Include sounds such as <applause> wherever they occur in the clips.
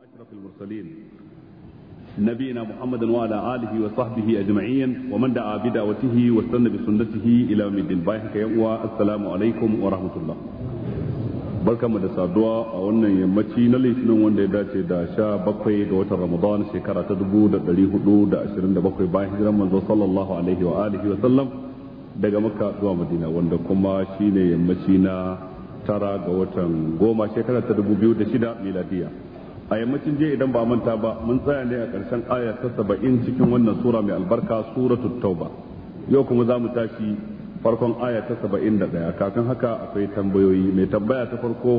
وأشرف المرسلين نبينا محمد وعلى آله وصحبه أجمعين ومن دعا بدعوته واستنى بسنته إلى يوم الدين بايحك السلام عليكم ورحمة الله barkamu da saduwa a wannan yammaci na litinin wanda ya dace da sha bakwai ga watan ramadan shekara ta dubu da dari hudu da ashirin da bakwai bayan hijiran manzo sallallahu alaihi wa alihi wa sallam daga makka zuwa madina wanda kuma shine yammacina tara ga watan goma shekara ta dubu biyu da shida miladiya a yammacin je idan ba manta ba mun tsaya ne a ƙarshen aya ta saba'in cikin wannan sura mai albarka suratul tauba yau kuma za mu tashi farkon aya ta saba'in da ɗaya kakan haka akwai tambayoyi mai tambaya ta farko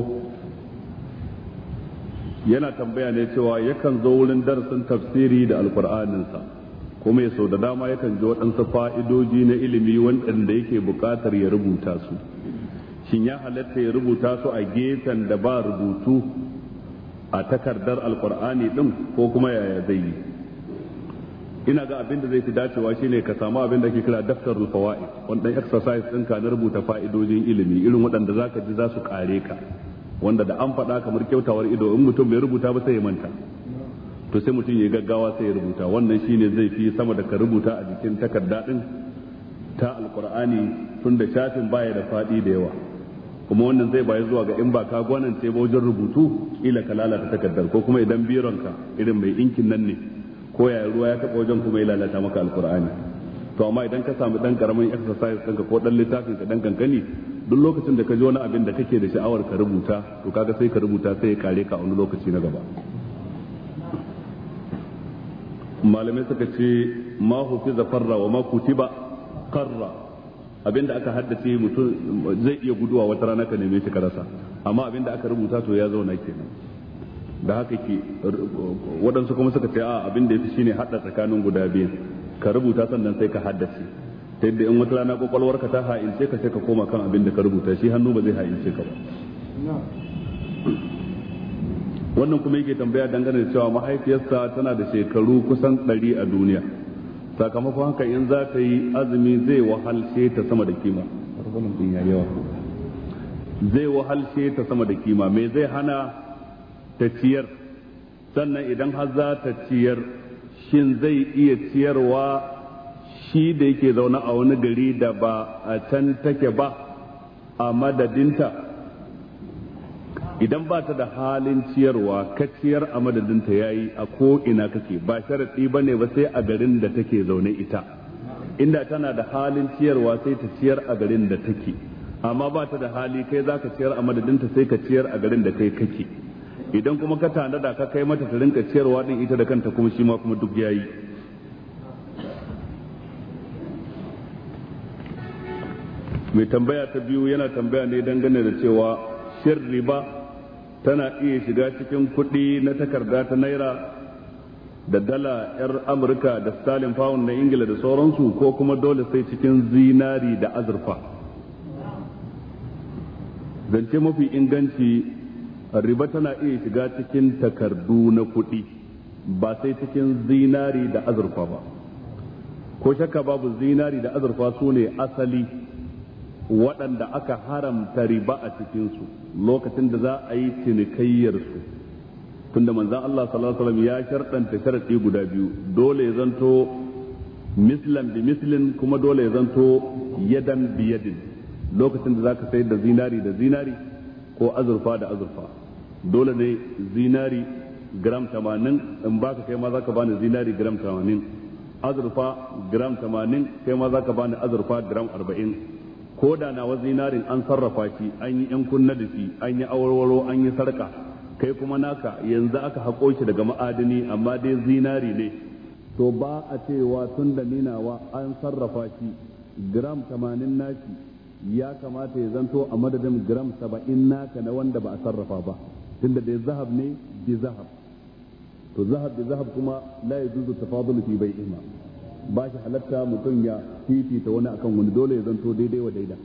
yana tambaya ne cewa yakan zo wurin darasin tafsiri da alkur'aninsa kuma sau da dama yakan ji waɗansu fa'idoji na ilimi waɗanda yake buƙatar ya rubuta su shin ya halatta ya rubuta su a gefen da ba rubutu a takardar alkur'ani din ko kuma yaya zai yi ina ga abin da zai fi dacewa shine ka samu abin da ake kira daftar Rufawa'i, wanda exercise din ka na rubuta fa'idojin ilimi irin waɗanda zaka ji za su kare ka wanda da an faɗa kamar kyautawar ido in mutum bai rubuta ba sai ya manta to sai mutum ya gaggawa sai ya rubuta wannan shine zai fi sama da ka rubuta a jikin takarda din ta alkur'ani tun da shafin baya da faɗi da yawa kuma wannan zai bayar zuwa ga in ba ka gwanance ba wajen rubutu ila ka lalata takardar ko kuma idan bironka irin mai inkin nan ne ko ya ruwa ya taba wajen kuma ya lalata maka alkur'ani to amma idan ka samu dan karamin exercise ɗinka ko dan littafin ka dan kankani duk lokacin da ka ji wani abin da kake da sha'awar ka rubuta to kaga sai ka rubuta sai ya kare ka wani lokaci na gaba malamai suka ce ma hufiza farra wa ma kutiba qarra abinda aka haddace mutum zai iya guduwa wata rana ka neme shi ka rasa amma abinda aka rubuta to ya zauna kenan da haka ke waɗansu kuma suka ce a abinda yafi shine haɗa tsakanin guda biyu ka rubuta sannan sai ka haddace ta yadda in wata rana ka ta ha'ince ka sai ka koma kan abinda ka rubuta shi hannu ba zai ha'ince ka ba wannan kuma yake tambaya dangane da cewa mahaifiyarsa tana da shekaru kusan ɗari a duniya sakamakon haka in za ta yi azumi zai wahalce ta sama da kima zai wahalce ta sama da kima me zai hana ta ciyar sannan idan har za ta ciyar shin zai iya ciyarwa shi da yake zaune a wani gari da ba a can take ba a madadinta idan ba ta da halin ciyarwa ka ciyar a madadinta ya yi a ko ina kake ba ba ne ba sai a garin da take zaune ita inda tana da halin ciyarwa sai ta ciyar a garin da take amma ba ta da hali kai za ka ciyar a madadinta sai ka ciyar a garin da kai kake idan kuma ka tanada ka kai mata ta rinka ciyarwa din ita da kanta kuma shi ma kuma duk ya yi. mai tambaya ta biyu yana tambaya ne dangane da cewa shirri riba tana iya shiga cikin kuɗi na takarda ta naira da dala 'yar amurka da stalin pound na ingila da sauransu ko kuma dole sai cikin zinari da azurfa zance mafi inganci riba tana iya shiga cikin takardu na kuɗi ba sai cikin zinari da azurfa ba ko shakka babu zinari da azurfa su ne asali waɗanda aka haramta riba a cikinsu lokacin da za a yi cinikayyarsu tunda manzan Allah sallallahu alaihi wasallam ya sharɗanta sharaɗi guda biyu dole ya zanto mislan bi mislin kuma dole ya zanto yadan bi yadin lokacin da zaka sayar da zinari da zinari ko azurfa da azurfa dole ne zinari gram 80 in baka kai ma zaka bani zinari gram 80 azurfa gram 80 kai ma zaka bani azurfa gram 40 ko da nawa zinarin an sarrafa shi an yi yan kunna da shi an yi awarwaro an yi sarka kai kuma naka yanzu aka haƙo shi daga ma'adini amma dai zinari ne to ba a cewa tun da ninawa an sarrafa shi gram tamanin naki ya kamata ya zanto a madadin gram saba'in naka na wanda ba a sarrafa ba tunda dai zahab ne bi zahab to zahab bi zahab kuma la yajuzu tafadulu fi bai'ima ba shi halatta mutum ya fifita wani akan wani dole ya zanto daidai wa daida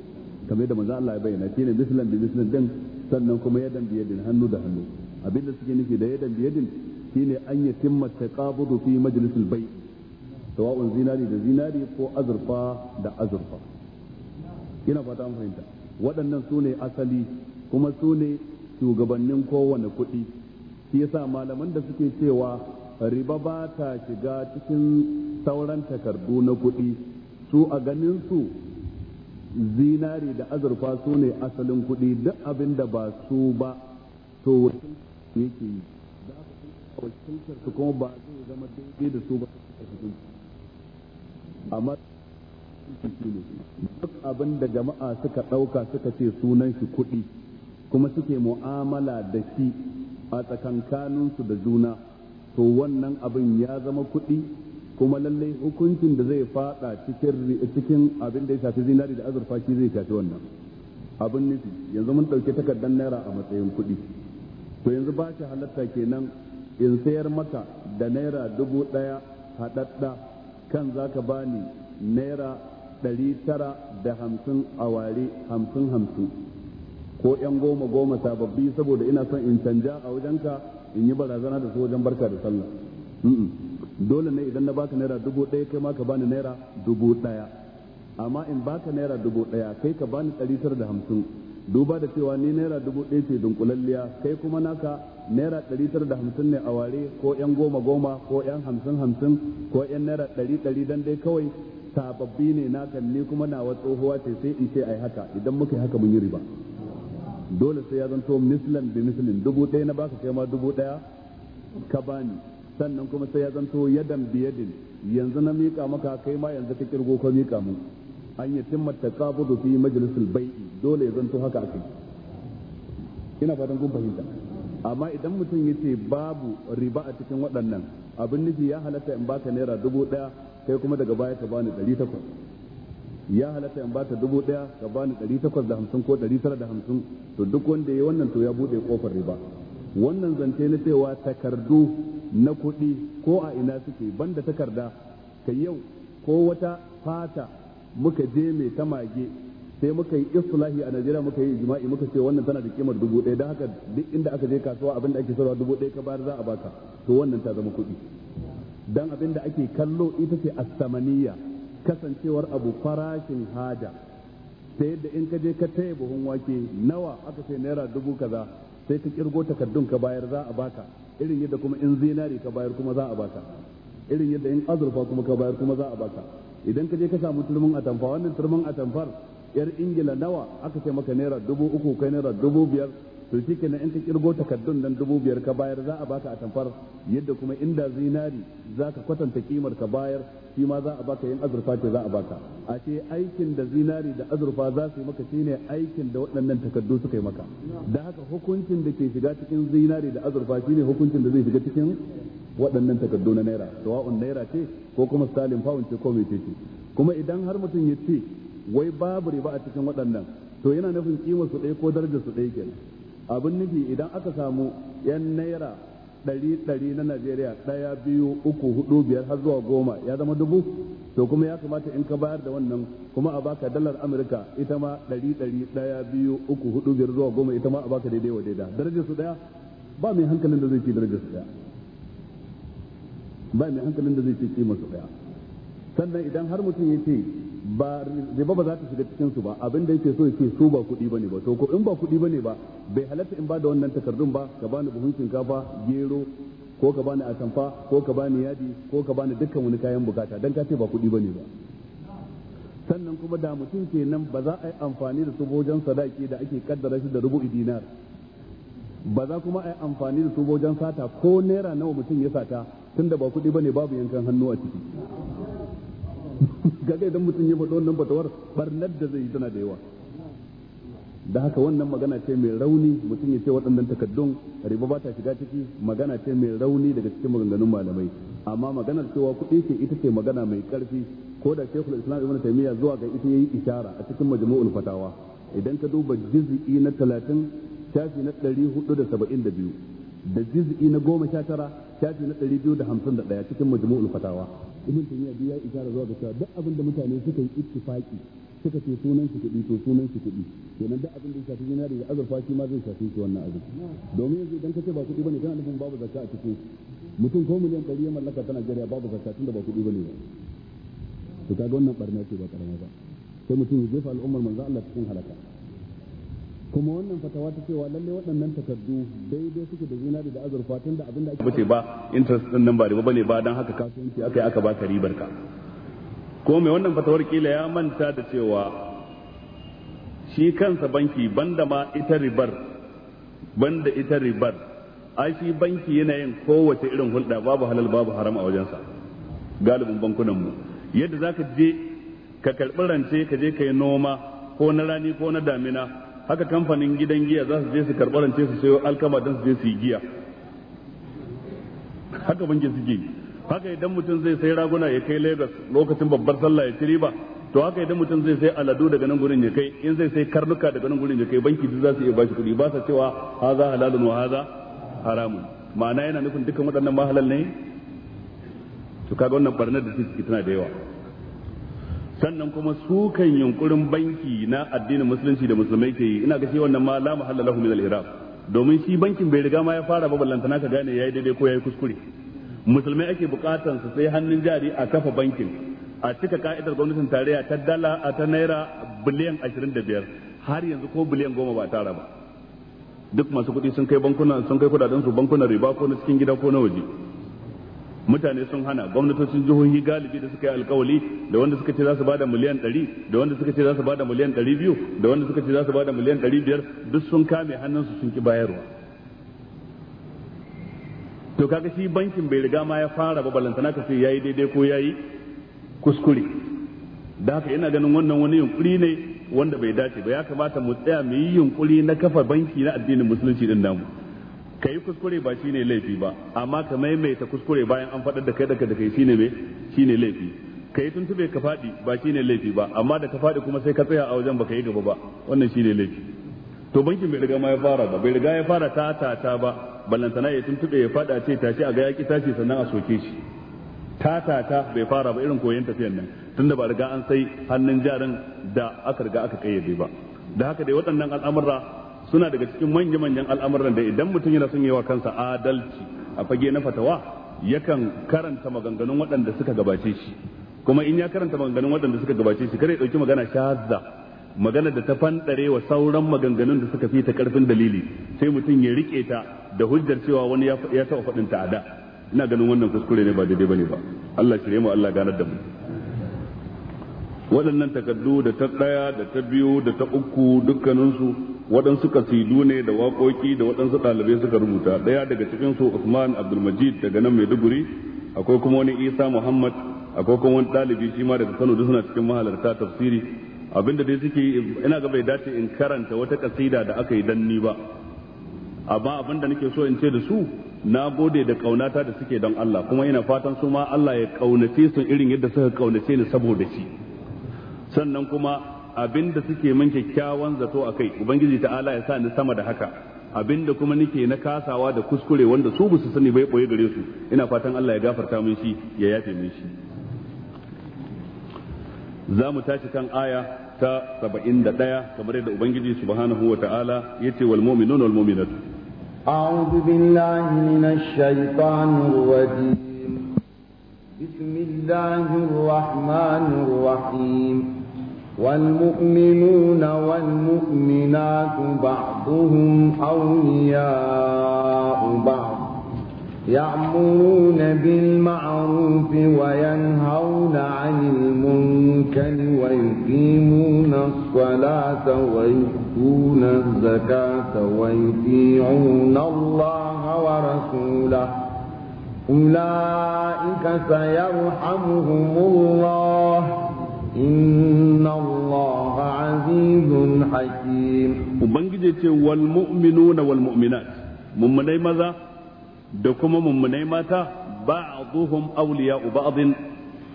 kamar yadda manzo Allah ya bayyana shine bislan bi bislan din sannan kuma yadan bi yadin hannu da hannu abinda suke nufi da yadan bi yadin shine an yatimma taqabudu fi majlisil bay' sawa'un zinari da zinari ko azurfa da azurfa ina fata an fahimta waɗannan su ne asali kuma su ne shugabannin kowane kuɗi shi yasa malaman da suke cewa riba ba ta shiga cikin sauran takardu na kuɗi su a ganin su zinari da azurfa su ne asalin kuɗi duk abin da ba su ba to wakil yake yi wakiltar su kuma ba zai zama daidai da su ba a cikin amma duk abin da jama'a suka ɗauka suka ce sunan shi kuɗi kuma suke mu'amala da shi a tsakankaninsu da juna to wannan abin ya zama kuɗi kuma lallai hukuncin da zai faɗa cikin abin da ya shafi zinari da azurfa shi zai shafi wannan abin nufi yanzu mun ɗauki takardar naira a matsayin kuɗi to yanzu ba shi halatta kenan in sayar maka da naira dubu ɗaya haɗaɗɗa kan za ka bani naira ɗari tara da hamsin a ware hamsin hamsin ko yan goma goma sababbi saboda ina son in canja a wajenka in yi barazana da su wajen barka da sallah dole ne idan na baka naira dubu ɗaya kai ma ka bani naira dubu ɗaya amma in baka naira dubu ɗaya kai ka bani ɗari tara da hamsin duba da cewa ni naira dubu ɗaya ce dunkulalliya kai kuma naka naira ɗari tara da hamsin ne a ware ko yan goma goma ko yan hamsin hamsin ko yan naira ɗari ɗari dan dai kawai sababbi ne naka ni kuma nawa tsohuwa ce sai in ce ai haka idan muka yi haka mun yi riba dole sai ya zanto mislan bi mislin dubu ɗaya na baka kai ma dubu ɗaya ka bani sannan kuma sai ya zanto yadan biyadin yanzu na miƙa maka kai ma yanzu ka kirgo ka miƙa mu an yi da su fi majalisul bai'i dole ya zanto haka a kai ina fatan kun fahimta amma idan mutum ya ce babu riba a cikin waɗannan abin nufi ya halatta in baka naira dubu ɗaya kai kuma daga baya ka bani ɗari takwas ya halatta in bata dubu daya ka bani ɗari takwas da hamsin ko ɗari tara da hamsin to duk wanda ya wannan to ya bude kofar riba wannan zance na cewa takardu na kuɗi ko a ina suke banda takarda ka yau ko wata fata muka je mai ta mage sai muka yi islahi a Najeriya muka yi jima'i muka ce wannan tana da kimar dubu ɗaya don haka duk inda aka je kasuwa abinda da ake sarwa dubu ɗaya ka bayar za a baka to wannan ta zama kuɗi dan abin da ake kallo ita ce as kasancewar abu farashin haja ta yadda in ka je ka taya buhun wake nawa aka ce naira dubu kaza sai ka kirgo takardun ka bayar za a baka irin yadda kuma in zinari ka bayar kuma za a baka irin yadda in azurfa kuma ka bayar kuma za a baka idan ka je ka samu turmin atamfa wannan turmin atamfar yar ingila nawa aka ce maka naira dubu uku kai naira dubu biyar to shi kenan in ka kirgo takardun nan dubu biyar ka bayar za a baka a tamfar yadda kuma inda zinari za ka kwatanta kimar ka bayar shi ma za a baka yin azurfa ce za a baka a ce aikin da zinari da azurfa za su yi maka shine aikin da waɗannan takardu suka yi maka da haka hukuncin da ke shiga cikin zinari da azurfa shine hukuncin da zai shiga cikin waɗannan takardu na naira sawa'un naira ce ko kuma stalin pound ce ko mece ce kuma idan har mutum ya ce wai babu riba a cikin waɗannan to yana nufin kimar su ɗaya ko darajar su ɗaya kenan abin nufi idan aka samu yan naira ɗari ɗari na najeriya ɗaya biyu uku hudu biyar har zuwa goma ya zama dubu to kuma ya kamata in ka bayar da wannan kuma a baka dalar amurka ita ma ɗari ɗari ɗaya biyu uku hudu biyar zuwa goma ita ma a baka daidai wa daida darajar su ɗaya ba mai hankalin da zai ci darajar su ɗaya ba mai hankalin da zai ci kima su ɗaya sannan idan har mutum ya ce ba riba ba za ta shiga cikin su ba abin da yake so yake so ba kuɗi bane ba to ko in ba kuɗi bane ba bai halatta in ba da wannan takardun ba ka bani buhun shinkafa gero ko ka bani atamfa ko ka bani yadi ko ka bani dukkan wani kayan bukata dan ka ce ba kuɗi bane ba sannan kuma da mutum ke nan ba za a yi amfani da su wajen sadaki da ake kaddara shi da rubu'i dinar ba za kuma a yi amfani da su wajen sata ko naira nawa mutum ya sata tunda ba kuɗi bane babu yankan hannu a ciki kaga idan mutum ya faɗi wannan fatawar barnar da zai yi tana da yawa da haka wannan magana ce mai rauni mutum ya ce waɗannan takaddun riba ba ta shiga ciki magana ce mai rauni daga cikin maganganun malamai amma maganar cewa kuɗi ce ita ce magana mai ƙarfi ko da shekul islam ibn taymiya zuwa ga ita yayi ishara a cikin majmu'ul fatawa idan ka duba juz'i na talatin shafi na ɗari hudu da saba'in da biyu da juz'i na goma sha tara shafi na 251 cikin majmu'ul fatawa ibn taymiya biya ya isara zuwa ga cewa duk abin da mutane suka yi ittifaki suka ce sunan shi kudi to sunan shi kudi kenan duk abin da ya shafi yana da azurfa shi ma zai shafi shi wannan azur domin yanzu idan ka ce ba kudi bane kana nufin babu zakka a cikin mutum ko miliyan ɗari ya mallaka ta Najeriya babu zakka tunda ba kudi bane ba to kaga wannan barna ce ba karama ba sai mutum ya jefa al'ummar manzo Allah cikin halaka kuma wannan fatawa ta cewa lalle waɗannan takardu daidai suke da zinari da azurfa tun da abin da ake bace ba interest din nan ba riba bane ba dan haka kasuwanci aka aka baka ribar ka ko mai wannan fatawar kila ya manta da cewa shi kansa banki banda ma ita ribar banda ita ribar ai shi banki yana yin kowace irin hulɗa babu halal babu haram a wajensa galibin bankunan mu yadda zaka je ka karɓi rance ka je ka noma ko na rani ko na damina haka kamfanin gidan giya za su je su karɓar rance su sayo alkama don su je su yi giya haka bankin suke haka idan mutum zai sai raguna ya kai lagos lokacin babbar sallah ya ci riba to haka idan mutum zai sai aladu daga nan gurin ya kai in zai sai karnuka daga nan gurin ya kai banki duk za su iya bashi kuɗi ba sa cewa haza halalun wa haza haramun ma'ana yana nufin dukkan waɗannan mahalal ne to kaga wannan barnar da suke tana da yawa sannan kuma sukan yunkurin banki na addinin musulunci da musulmai ke yi ina ga shi wannan ma la mahalla lahu min al ihram domin shi bankin bai riga ma ya fara ba ballanta naka gane yayi daidai ko yayi kuskure musulmai ake bukatan su sai hannun jari a kafa bankin a cika ka'idar gwamnatin tarayya ta dala a ta naira biliyan 25 har yanzu ko biliyan 10 ba tara ba duk masu kuɗi sun kai bankuna sun kai kudaden su bankunan riba ko na cikin gida ko na waje mutane sun hana gwamnatocin jihohi galibi da suka yi alkawali da wanda suka ce za su bada miliyan 100 da wanda suka ce za su bada miliyan 200 da wanda suka ce za su bada miliyan 500 duk sun kame hannunsu sun ki bayarwa to kaga shi bankin bai riga ma ya fara ba balantana ka sai yayi daidai ko yayi kuskure da haka ina ganin wannan wani yunkuri ne wanda bai dace ba ya kamata mu tsaya mu yi yunkuri na kafa banki na addinin musulunci din namu ka yi kuskure ba shine laifi ba amma ka maimaita kuskure bayan an faɗar da kai daga da kai shine me shine laifi ka yi tuntube ka faɗi ba shine laifi ba amma da ka faɗi kuma sai ka tsaya a wajen baka yi gaba ba wannan shine laifi to bankin bai riga ma ya fara ba bai riga ya fara ta ta ta ba ballantana ya tuntube ya faɗa ce tashi a ga yaki tashi sannan a soke shi ta ta ta bai fara ba irin koyon tafiyan nan tunda ba riga an sai hannun jarin da aka riga aka kayyade ba da haka dai waɗannan al'amura suna daga cikin manya manyan al'amuran da idan mutum yana son yawa kansa adalci a fage na fatawa yakan karanta maganganun waɗanda suka gabace shi kuma in ya karanta maganganun waɗanda suka gabace shi kare ɗauki magana shahadza magana da ta fanɗare wa sauran maganganun da suka fi ta ƙarfin dalili sai mutum ya riƙe ta da hujjar cewa wani ya taɓa faɗin ta a da ina ganin wannan kuskure ne ba daidai bane ba Allah shirye mu Allah ganar da mu waɗannan takaddu da ta ɗaya da ta biyu da ta uku dukkaninsu waɗansu kasidu ne da waƙoƙi da waɗansu ɗalibai suka rubuta ɗaya daga cikin su Usman Abdulmajid daga nan Maiduguri akwai kuma wani Isa Muhammad akwai kuma wani ɗalibi shi ma daga Kano duk suna cikin mahalarta tafsiri abinda dai suke ina ga bai dace in karanta wata kasida da aka yi dan ni ba amma abinda nake so in ce da su na gode da kaunata da suke don Allah kuma ina fatan su ma Allah ya kaunace su irin yadda suka kaunace ni saboda shi sannan kuma abinda suke min kyakkyawan zato a kai ubangiji ta'ala ya sa ni sama da haka abinda kuma nake na kasawa da kuskure wanda su ba su sani bai boye gare su ina fatan Allah ya gafarta min shi ya yafe min shi za mu tashi kan aya ta ɗaya kamar yadda ubangiji subhanahu wa ta'ala yace wal mu'minun wal mu'minat a'udhu billahi minash shaitanir rajim الله الرحمن الرحيم والمؤمنون والمؤمنات بعضهم أولياء بعض يأمرون بالمعروف وينهون عن المنكر ويقيمون الصلاة ويؤتون الزكاة ويطيعون الله ورسوله أولئك سيرحمهم الله inna Allah azizun hakim ubangije ce wal mu'minuna wal mummunai maza da kuma mummunai mata ba ba'dhum awliya'u ba'dhin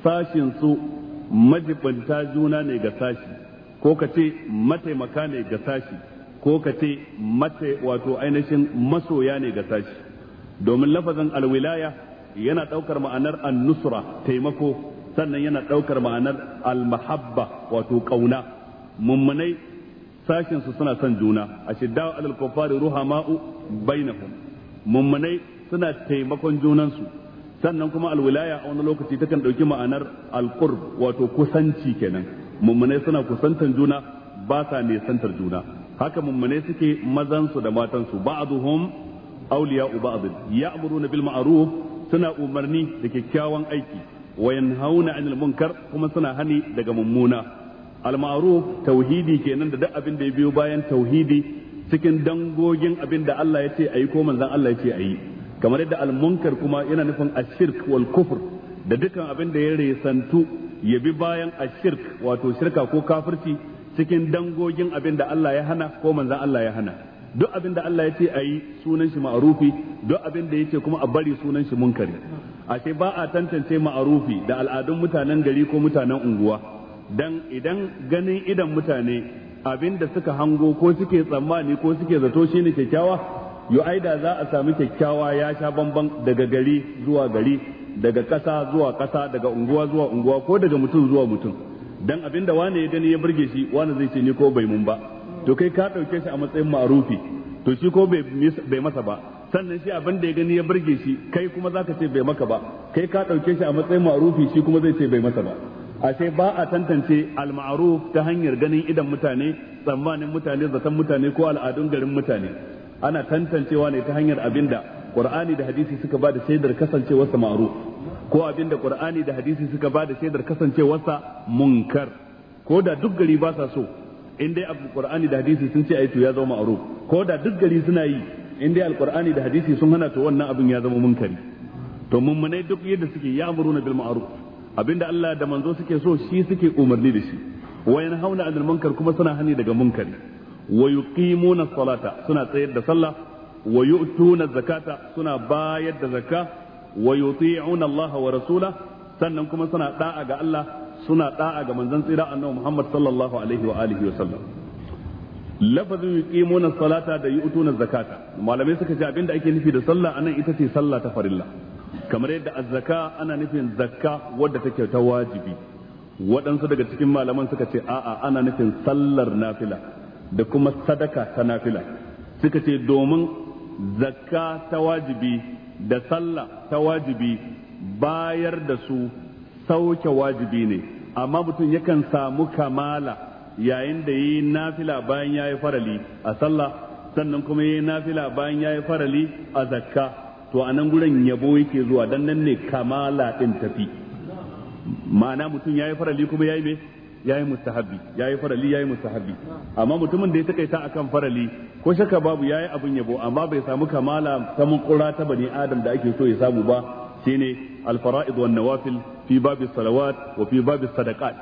sashin su majibanta juna ne ga sashi ko ka ce mataimaka ne ga sashi ko ka ce wato ainihin masoya ne ga sashi domin lafazin alwilaya yana ɗaukar ma'anar annusra taimako sannan yana ɗaukar ma'anar almahabba wato ƙauna mummunai sashensu suna son juna a shidda alal kuffari ruhama'u bainahum mummunai suna taimakon junansu sannan kuma alwilaya a wani lokaci takan ɗauki ma'anar alqurb wato kusanci kenan mummunai suna kusantar juna ba sa nisantar juna haka mummunai suke mazansu da matansu ba'duhum awliya'u ba'd ya'muruna bil ma'ruf suna umarni da kyakkyawan aiki wa yanhauna 'anil munkar kuma suna hani daga mummuna al-ma'ruf tauhidi kenan da duk abin da ya biyo bayan tauhidi cikin dangogin abin da Allah ya ce ayi ko manzon Allah ya ce ayi kamar yadda al-munkar kuma yana nufin ashirk wal kufr da dukkan abin da ya resantu ya bi bayan ashirk wato shirka ko kafirci cikin dangogin abin da Allah ya hana ko manzan Allah ya hana duk abin da Allah ya ce a yi sunan shi ma'arufi duk abin da ya ce kuma a bari sunan shi munkari ashe ba a tantance ma'arufi da al'adun mutanen gari ko mutanen unguwa dan idan ganin idan mutane abin da suka hango ko suke tsammani ko suke zato shine kyakkyawa yo aida za a sami kyakkyawa ya sha bamban daga gari zuwa gari daga ƙasa zuwa ƙasa daga unguwa zuwa unguwa ko daga mutum zuwa mutum dan abin da wane ya gani ya burge shi wane zai ce ni ko bai mun ba to kai ka ɗauke shi a matsayin ma'arufi to shi ko bai masa ba sannan shi abin da ya gani ya burge shi kai kuma za ka ce bai maka ba kai ka ɗauke shi a matsayin ma'arufi shi kuma zai ce bai masa ba ashe ba a tantance al-ma'ruf ta hanyar ganin idan mutane tsammanin mutane zaton mutane ko al'adun garin mutane ana tantancewa ne ta hanyar abinda qur'ani da hadisi suka ba da shaidar kasancewarsa ma'ruf ko abinda qur'ani da hadisi suka ba da shaidar kasancewarsa munkar ko da duk gari ba sa so in dai alqur'ani da hadisi sun ce ai to ya zama ma'ruf ko da duk gari suna yi in dai alqur'ani da hadisi sun hana to wannan abin ya zama munkari to mummunai duk yadda suke ya'muruna bil ma'ruf abinda Allah da manzo suke so shi suke umarni da shi wa yanhauna 'anil munkar kuma suna hani daga munkari wa yuqimuna salata suna tsayar da sallah wa yu'tuna zakata suna bayar da zakka wa yuti'una Allah wa rasula sannan kuma suna da'a ga Allah suna da'a ga manzon tsira annabi Muhammad sallallahu alaihi wa alihi wa sallam lafazin yuqimuna salata da yu'tuna zakata malamai suka ce abinda ake nufi da sallah anan ita ce sallah ta farilla kamar yadda azzaka ana nufin zakka wadda take ta wajibi waɗansu daga cikin malaman suka ce a'a ana nufin sallar nafila da kuma sadaka ta nafila suka ce domin zakka ta wajibi da sallah ta wajibi bayar da su sauke wajibi ne amma mutum yakan samu kamala yayin da yi nafila bayan ya yi farali a sallah sannan kuma yi nafila bayan ya yi farali a zakka to a nan gurin yabo yake zuwa dan nan ne kamala din tafi ma'ana mutum ya yi farali kuma ya yi me yi mustahabi yi farali ya yi mustahabi amma mutumin da ya takaita akan farali ko shaka babu ya yi abin yabo amma bai samu kamala ta mun ta bani adam da ake so ya samu ba shine ne faraid wan nawafil fi babi salawat wa fi babi sadaqat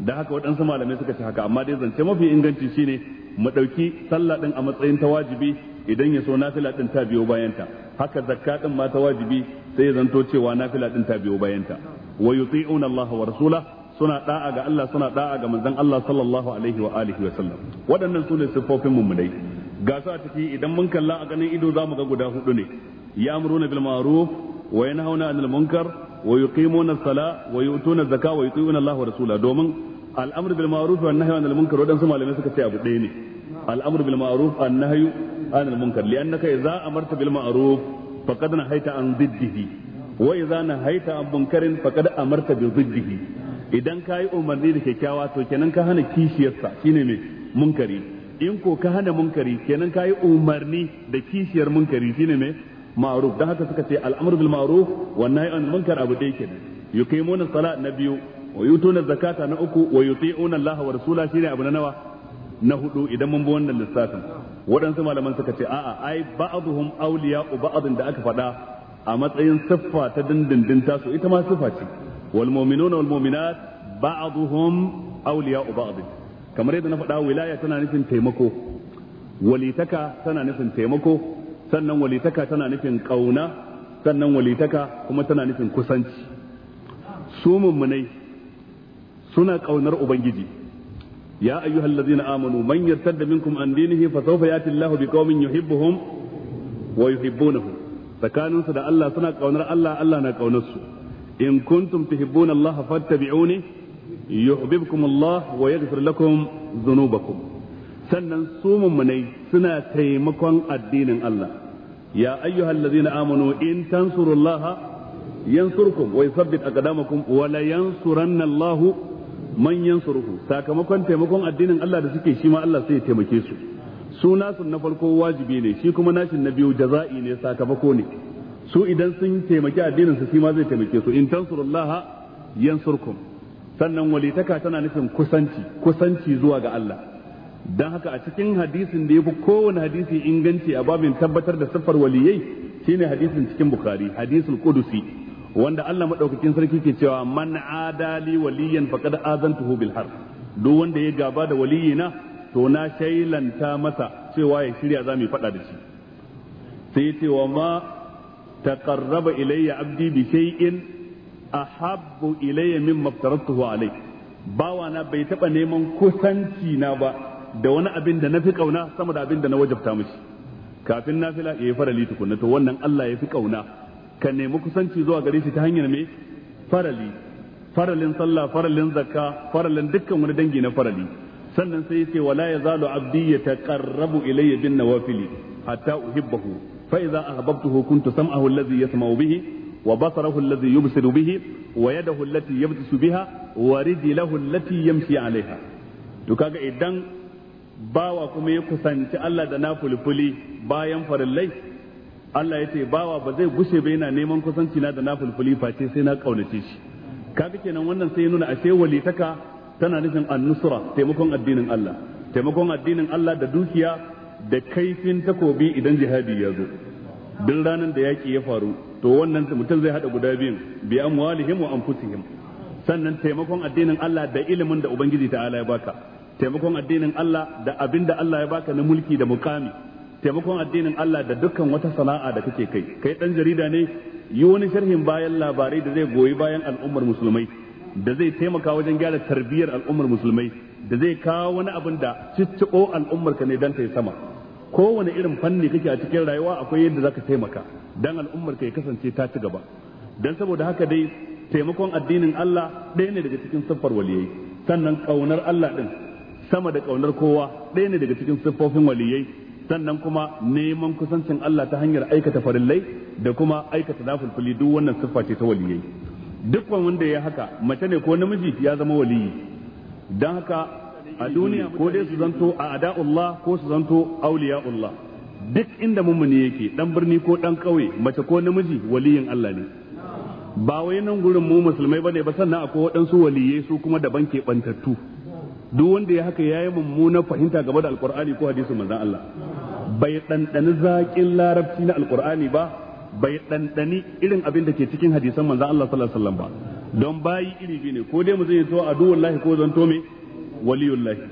da haka waɗansu malamai suka ce haka amma dai zance mafi inganci shine mu ɗauki sallah ɗin a matsayin ta wajibi idan ya so nafila ɗin ta biyo bayanta haka zakka ɗin ma ta wajibi sai ya zanto cewa nafila ɗin ta biyo bayanta wa yuti'una Allah wa rasula suna da'a ga Allah suna da'a ga manzon Allah sallallahu alaihi wa alihi wa sallam waɗannan su ne siffofin mummunai ga su a ciki idan mun kalla a ganin ido zamu ga guda hudu ne ya'muruna bil ma'ruf wa yanhauna 'anil munkar wa yuqimuna as-sala wa yu'tuna az-zaka wa yuti'una Allah wa rasula domin al'amru bil ma'ruf wa nahyu 'anil munkar wadansu malamai suka ce abu ɗaya ne al'amru bil ma'ruf wa nahyu 'anil munkar li'annaka idza amarta bil ma'ruf faqad an an munkarin amarta bi idan kayi umarni da kyakkyawa to kenan ka hana kishiyarsa shine me munkari in ko ka hana munkari kenan ka yi umarni da kishiyar munkari shine mai ma'ruf dan haka suka ce al'amru bil ma'ruf wan nahy anil munkar abu dai kenan yuqimuna salat na biyu wa yutuna zakata na uku wa yuti'una Allah wa rasula shine abu na nawa na hudu idan mun bi wannan lissafin waɗansu malaman suka ce a'a ai ba'dhum u ba'dhin da aka faɗa a matsayin siffa ta dindindin tasu ita ma siffa ce wal mu'minuna wal mu'minat ba'dhum awliya'u ba'd kamar yadda na faɗa wilaya tana nufin taimako walitaka tana nufin taimako sannan walitaka tana nufin ƙauna sannan walitaka kuma tana nufin kusanci su mummunai suna ƙaunar ubangiji ya ayyuhal ladzina amanu man yartadda minkum an dinihi fa sawfa yati Allahu biqaumin yuhibbuhum wa yuhibbunahu tsakaninsu da Allah suna ƙaunar Allah Allah na kaunar su in kuntum tuhibbuna Allah fattabi'uni yuhibbukum Allah wa yaghfir lakum dhunubakum sannan su mummunai suna taimakon addinin Allah ya ayyuhal ladzina amanu in tansurullaha yansurkum wa yusabbit aqdamakum wa la yansuranna Allah man yansuruhu sakamakon taimakon addinin Allah da suke shi ma Allah sai ya taimake su su sun na farko wajibi ne shi kuma nashin na biyu jaza'i ne sakamako ne su idan sun taimaki addinin su shi ma zai taimake su in tansurullaha yansurkum sannan walitaka tana nufin kusanci kusanci zuwa ga Allah dan haka a cikin hadisin da ya fi kowane hadisi inganci a babin tabbatar da siffar waliyai shine hadisin cikin bukari, hadisul qudusi wanda Allah madaukakin sarki ke cewa man adali waliyan faqad azantuhu bil har duk wanda ya gaba da waliyina to na shailanta masa cewa ya shirya za mu faɗa da shi sai ce wa ma taqarraba ilayya abdi bi shay'in ahabbu ilayya mimma aftaratuhu alayhi bawana bai taɓa neman kusanci na ba da wani abin da na fi kauna sama da abin da na wajabta mishi kafin nafila yi farali tukunna to wannan Allah ya fi kauna ka nemi kusanci zuwa gare shi ta hanyar me farali faralin sallah faralin zakka faralin dukkan wani dangi na farali sannan sai yace wala yazalu abdi yataqarrabu ilayya bin nawafili hatta uhibbahu fa idza ahbabtuhu kuntu sam'ahu alladhi yasma'u bihi وبصره الذي يبصر به ويده التي يبتس بها ورجله التي يمشي عليها to kaga idan bawa kuma ya kusanci Allah da nafulfuli bayan farillai Allah ya ce bawa ba zai gushe ba yana neman kusanci na da nafulfuli face sai na kaunace shi kaga kenan wannan sai ya nuna ashe walitaka tana nufin annusura, taimakon addinin Allah taimakon addinin Allah da dukiya da kaifin takobi idan jihadi ya zo duk ranar da yaki ya faru to wannan mutum zai hada guda biyun bi amwalihim wa anfusihim sannan taimakon addinin Allah da ilimin da ubangiji ta'ala ya baka taimakon addinin Allah da abin da Allah ya baka na mulki da mukami taimakon addinin Allah da dukkan wata sana'a da kake kai kai dan jarida ne yi wani sharhin bayan labarai da zai goyi bayan al'ummar musulmai da zai taimaka wajen gyara tarbiyyar al'ummar musulmai da zai kawo wani abin da cicciko al'ummar ka ne dan ta sama kowane irin fanni kake a cikin rayuwa akwai yadda zaka taimaka dan al'ummar ka ya kasance ta ci gaba dan saboda haka dai taimakon addinin Allah ɗaya ne daga cikin siffar waliyai sannan ƙaunar Allah din sama da ƙaunar kowa ɗaya ne daga cikin siffofin waliyai sannan kuma neman kusancin Allah ta hanyar aikata farillai da kuma aikata nafulfuli duk wannan siffa ce ta waliyai Duk wanda ya haka mace ne ko namiji ya zama waliyi dan haka a duniya ko dai su zanto a ada'ullah ko su zanto auliya'ullah duk inda mummuni yake dan birni ko dan kauye mace ko namiji waliyin Allah ne ba wai nan gurin mu musulmai bane ba sannan akwai waɗansu waliyai su kuma daban ke bantattu duk wanda ya haka ya yi mummunan fahimta game da alqur'ani ko hadisin manzon Allah bai ɗanɗani zaƙin larabci na alqur'ani ba bai ɗanɗani irin abin da ke cikin hadisan manzon Allah sallallahu alaihi wasallam ba don bayi iri biyu ne ko dai mu zai to lahi ko zan me waliyullahi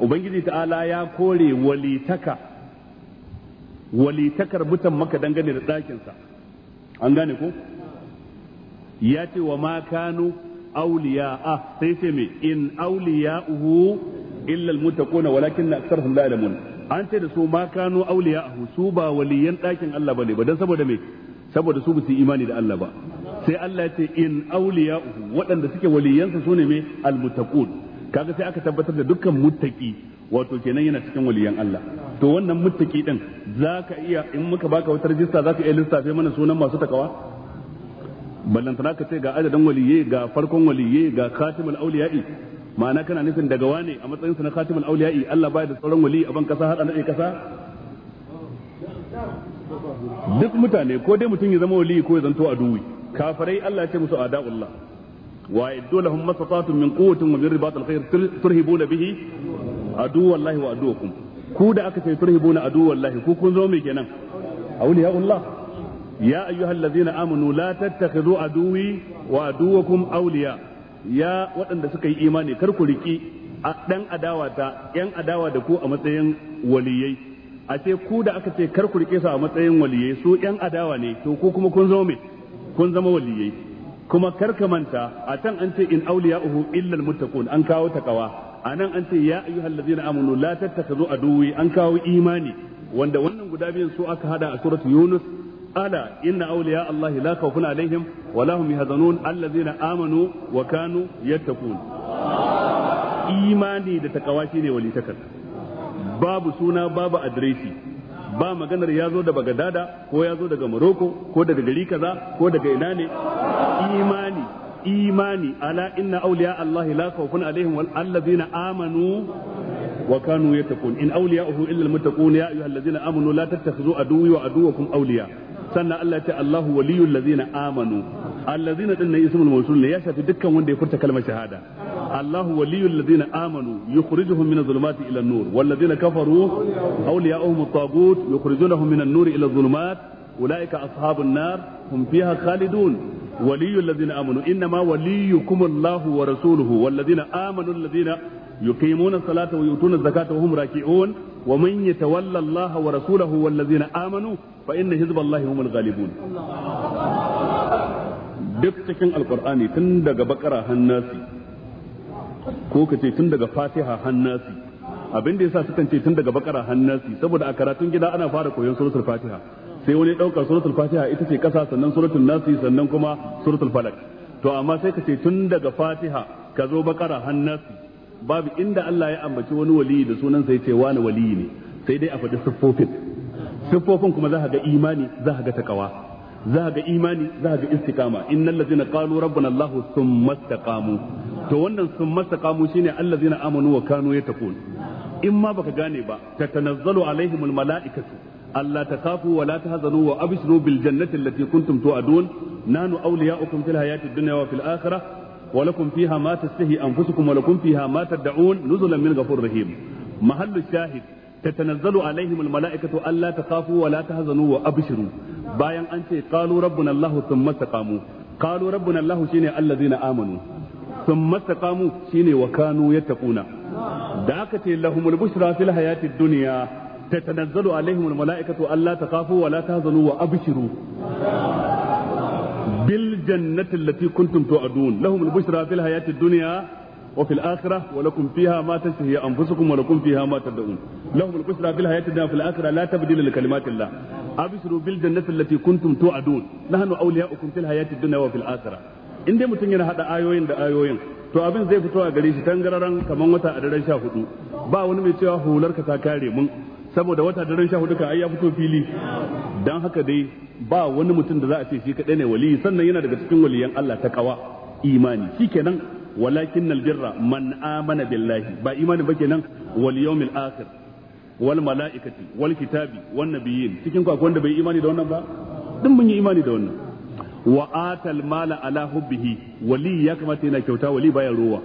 ubangiji ta'ala ya kore walitaka walitakar mutan maka dangane da ɗakinsa an gane ko ya ce wa ma kanu awliya'a sai ce me in awliya'uhu illa almuttaquna walakin aktharuhum la ya'lamun an ce da su ma kanu awliya'uhu su ba waliyan dakin Allah bane ba dan saboda me saboda su basu imani da Allah ba sai Allah ya ce in awliya'uhu waɗanda suke waliyansa sune me almuttaqun kaga sai aka tabbatar da dukkan muttaqi wato kenan yana cikin waliyan Allah to wannan muttaqi din zaka iya in muka baka wata rajista zaka iya lissafe mana sunan masu takawa ballantana ka ce ga adadin waliyye ga farkon waliyye ga katimul auliya'i ma'ana kana nufin daga wane a matsayin sa na katimul auliya'i Allah baya da sauran wali a ban kasa hada na kasa duk mutane ko dai mutum ya zama wali ko ya zanto aduwi kafirai Allah ya ce musu ada'ullah wa iddu lahum masatatun min quwwatin wa min ribatil khair turhibuna bihi adu wallahi wa aduwakum ku da aka ce turhibuna adu wallahi ku kun zo me kenan auliya Allah يا أيها الذين آمنوا لا تتخذوا عدوي وعدوكم أولياء يا وأن سكي إيماني كركوليكي ɗan adawa ta ‘yan adawa da ku a matsayin waliyai a ce ku da aka ce kar ku rike su a matsayin waliyai su ‘yan adawa ne to ku kuma kun zama kun zama waliyai kuma kar ka manta a can an ce in auliya illa almuttaqun an kawo takawa a nan an ce ya ayyuhal ladina amanu la tattakhudu aduwi an kawo imani wanda wannan guda biyan su aka hada a suratul yunus ألا إن أولياء الله لا خوف عليهم ولا هم يحزنون الذين آمنوا وكانوا يتقون imani da takawa shine walitakar babu suna babu adresi ba maganar ya zo daga bagadada ko ya zo daga maroko ko daga gari kaza ko daga ina ne imani imani ala inna awliya allahi la khawfun alaihim wal allazina amanu wa kanu yattaqun in awliya'uhu illa al muttaqun ya ayyuhal ladzina amanu la tattakhidhu aduwwi wa aduwwakum awliya' sannan Allah ya ce Allahu waliyul ladzina amanu allazina din nan ismul mawsul ne ya shafi dukkan wanda ya furta kalmar shahada Allahu waliyul ladzina amanu yukhrijuhum minadh dhulumati ila an-nur wal ladzina kafaru awliya'uhum at-taghut yukhrijunahum minan nur ila adh-dhulumat ulaika ashabun nar hum fiha khalidun ولي الذين امنوا انما wa الله ورسوله والذين امنوا الذين يقيمون salata wa الزكاة zakata wa ومن يتولى wa ورسوله والذين آمنوا wa rasulahu الله هم amanu fa inna hizballahi humul ghalibun duk cikin alqur'ani tun daga bakara hannasi ko kace tun daga fatiha hannasi abin da yasa sukan ce tun daga bakara hannasi saboda a karatun gida ana fara koyon suratul fatiha sai wani daukar suratul fatiha ita ce kasa sannan suratul nasi sannan kuma suratul falak to amma sai ka ce tun daga fatiha ka zo bakara hannasi babu inda Allah ya ambaci wani waliyi da sunan sai ce wani waliyi ne sai dai a faɗi siffofin siffofin kuma za ga imani za ga takawa za ga imani za ga istiqama innal ladzina qalu rabbana Allah thumma istaqamu to wannan thumma istaqamu shine allazina amanu wa kanu yattaqun in ma baka gane ba tatanazzalu alaihimul malaikatu Allah ta kafu ألا تخافوا ولا تهزنوا jannati بالجنة التي كنتم توعدون نحن أولياؤكم في الحياة wa fil الآخرة ولكم فيها ما تستهي أنفسكم ولكم فيها ما تدعون نزلا من غفور رحيم محل الشاهد تتنزل عليهم الملائكة ألا تخافوا ولا تهزنوا وأبشروا bayan an ce qalu rabbuna Allah thumma istaqamu qalu rabbuna Allah shine allazina amanu thumma istaqamu shine wa kanu yattaquna da aka ce lahumul duniya fil hayatid dunya tatanazzalu alaihimul malaikatu alla wa bil jannati allati kuntum tu'adun lahum al bushra fil hayati wa fil akhirah wa fiha ma tashtahi anfusukum wa lakum fiha ma tad'un lahum bushra fil hayati dunya fil akhirah la tabdila li kalimati allah abshiru bil jannati allati kuntum tu'adun nahnu awliya'ukum fil hayati dunya wa in dai mutum yana hada ayoyin da ayoyin to abin zai fito a gare shi tangararan kaman wata a daren hudu ba wani mai cewa hular ka ta kare mun saboda wata da ran sha hudu kan ai fito fili dan haka dai ba wani mutum da za a ce shi kadai ne wali sannan yana daga cikin waliyan Allah ta kawa imani shikenan walakin albirra man amana billahi ba imani ba kenan wal yawmil akhir wal malaikati wal kitabi wan nabiyyin cikin ku akwai wanda bai imani da wannan ba din mun yi imani da wannan wa atal mala ala hubbihi wali ya kamata yana kyauta wali baya ruwa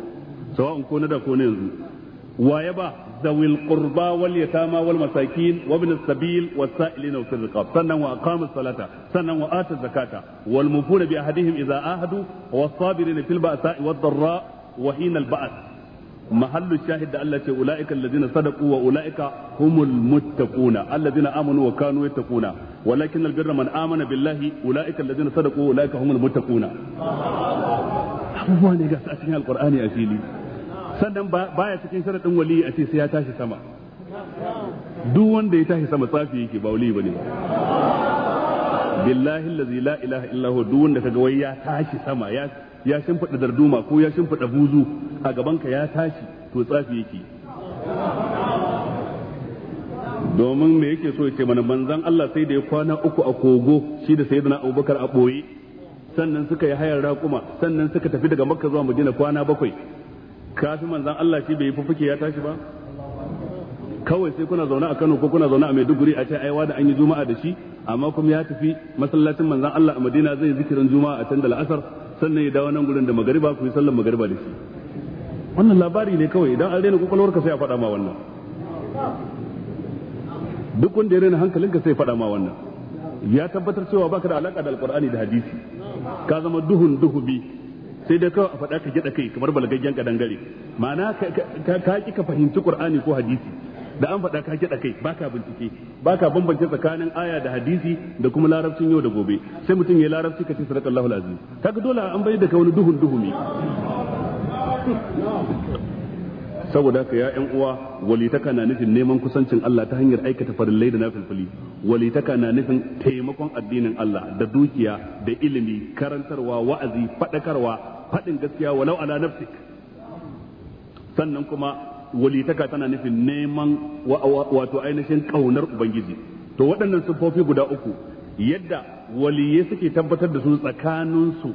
sawa'un ko na da ko na yanzu wa ya ba ذوي القربى واليتامى والمساكين وابن السبيل والسائلين وفي الرقاب سنن وأقام الصلاة سنن وآت الزكاة والموفون بأحدهم إذا آهدوا والصابرين في البأساء والضراء وحين البأس محل الشاهد الله أولئك الذين صدقوا وأولئك هم المتقون الذين آمنوا وكانوا يتقون ولكن البر من آمن بالله أولئك الذين صدقوا أولئك هم المتقون أبو ne ga a cikin alkur'ani a fili sannan baya cikin sanadin wali a ce sai ya tashi sama duk wanda ya tashi sama tsafi yake ba wali bane billahi allazi la ilaha illa duk wanda kaga wai ya tashi sama ya ya shimfida darduma ko ya shimfida buzu a gaban ka ya tashi to tsafi yake domin me yake so ya ce mana manzon Allah sai da ya kwana uku a kogo shi da sayyidina Abubakar a boye sannan suka yi hayar raƙuma sannan suka tafi daga makka zuwa madina kwana bakwai kafin manzan Allah shi bai yi fufuke ya tashi ba kawai sai kuna zaune a Kano ko kuna zaune a Maiduguri a ce aiwa da an yi juma'a da shi amma kuma ya tafi masallacin manzan Allah a Madina zai zikirin juma'a a can da la'asar sannan ya dawo nan gurin da magariba ku yi sallar magariba da shi wannan labari ne kawai idan an rena ka sai a faɗa ma wannan duk wanda ya rena hankalinka sai faɗa ma wannan ya tabbatar cewa baka da alaka da alqur'ani da hadisi ka zama duhun duhubi sai dai kawai a faɗa ka gida kai kamar balagaggen ka dangare ma'ana ka ki ka fahimci qur'ani ko hadisi da an faɗa ka gida kai baka bincike baka bambance tsakanin aya da hadisi da kuma larabcin yau da gobe sai mutum ya larabci ka ce sadaqallahu alazim kaga dole an bayyana da ka wani duhun duhumi saboda haka ya ƴan uwa walitaka na nufin neman kusancin Allah ta hanyar aikata farillai da nafilfili walitaka na nufin taimakon addinin Allah da dukiya da ilimi karantarwa wa'azi faɗakarwa faɗin gaskiya walau ala nafsik sannan kuma walitaka tana nufin neman wato ainihin ƙaunar ubangiji to waɗannan siffofi guda uku yadda waliya suke tabbatar da su tsakaninsu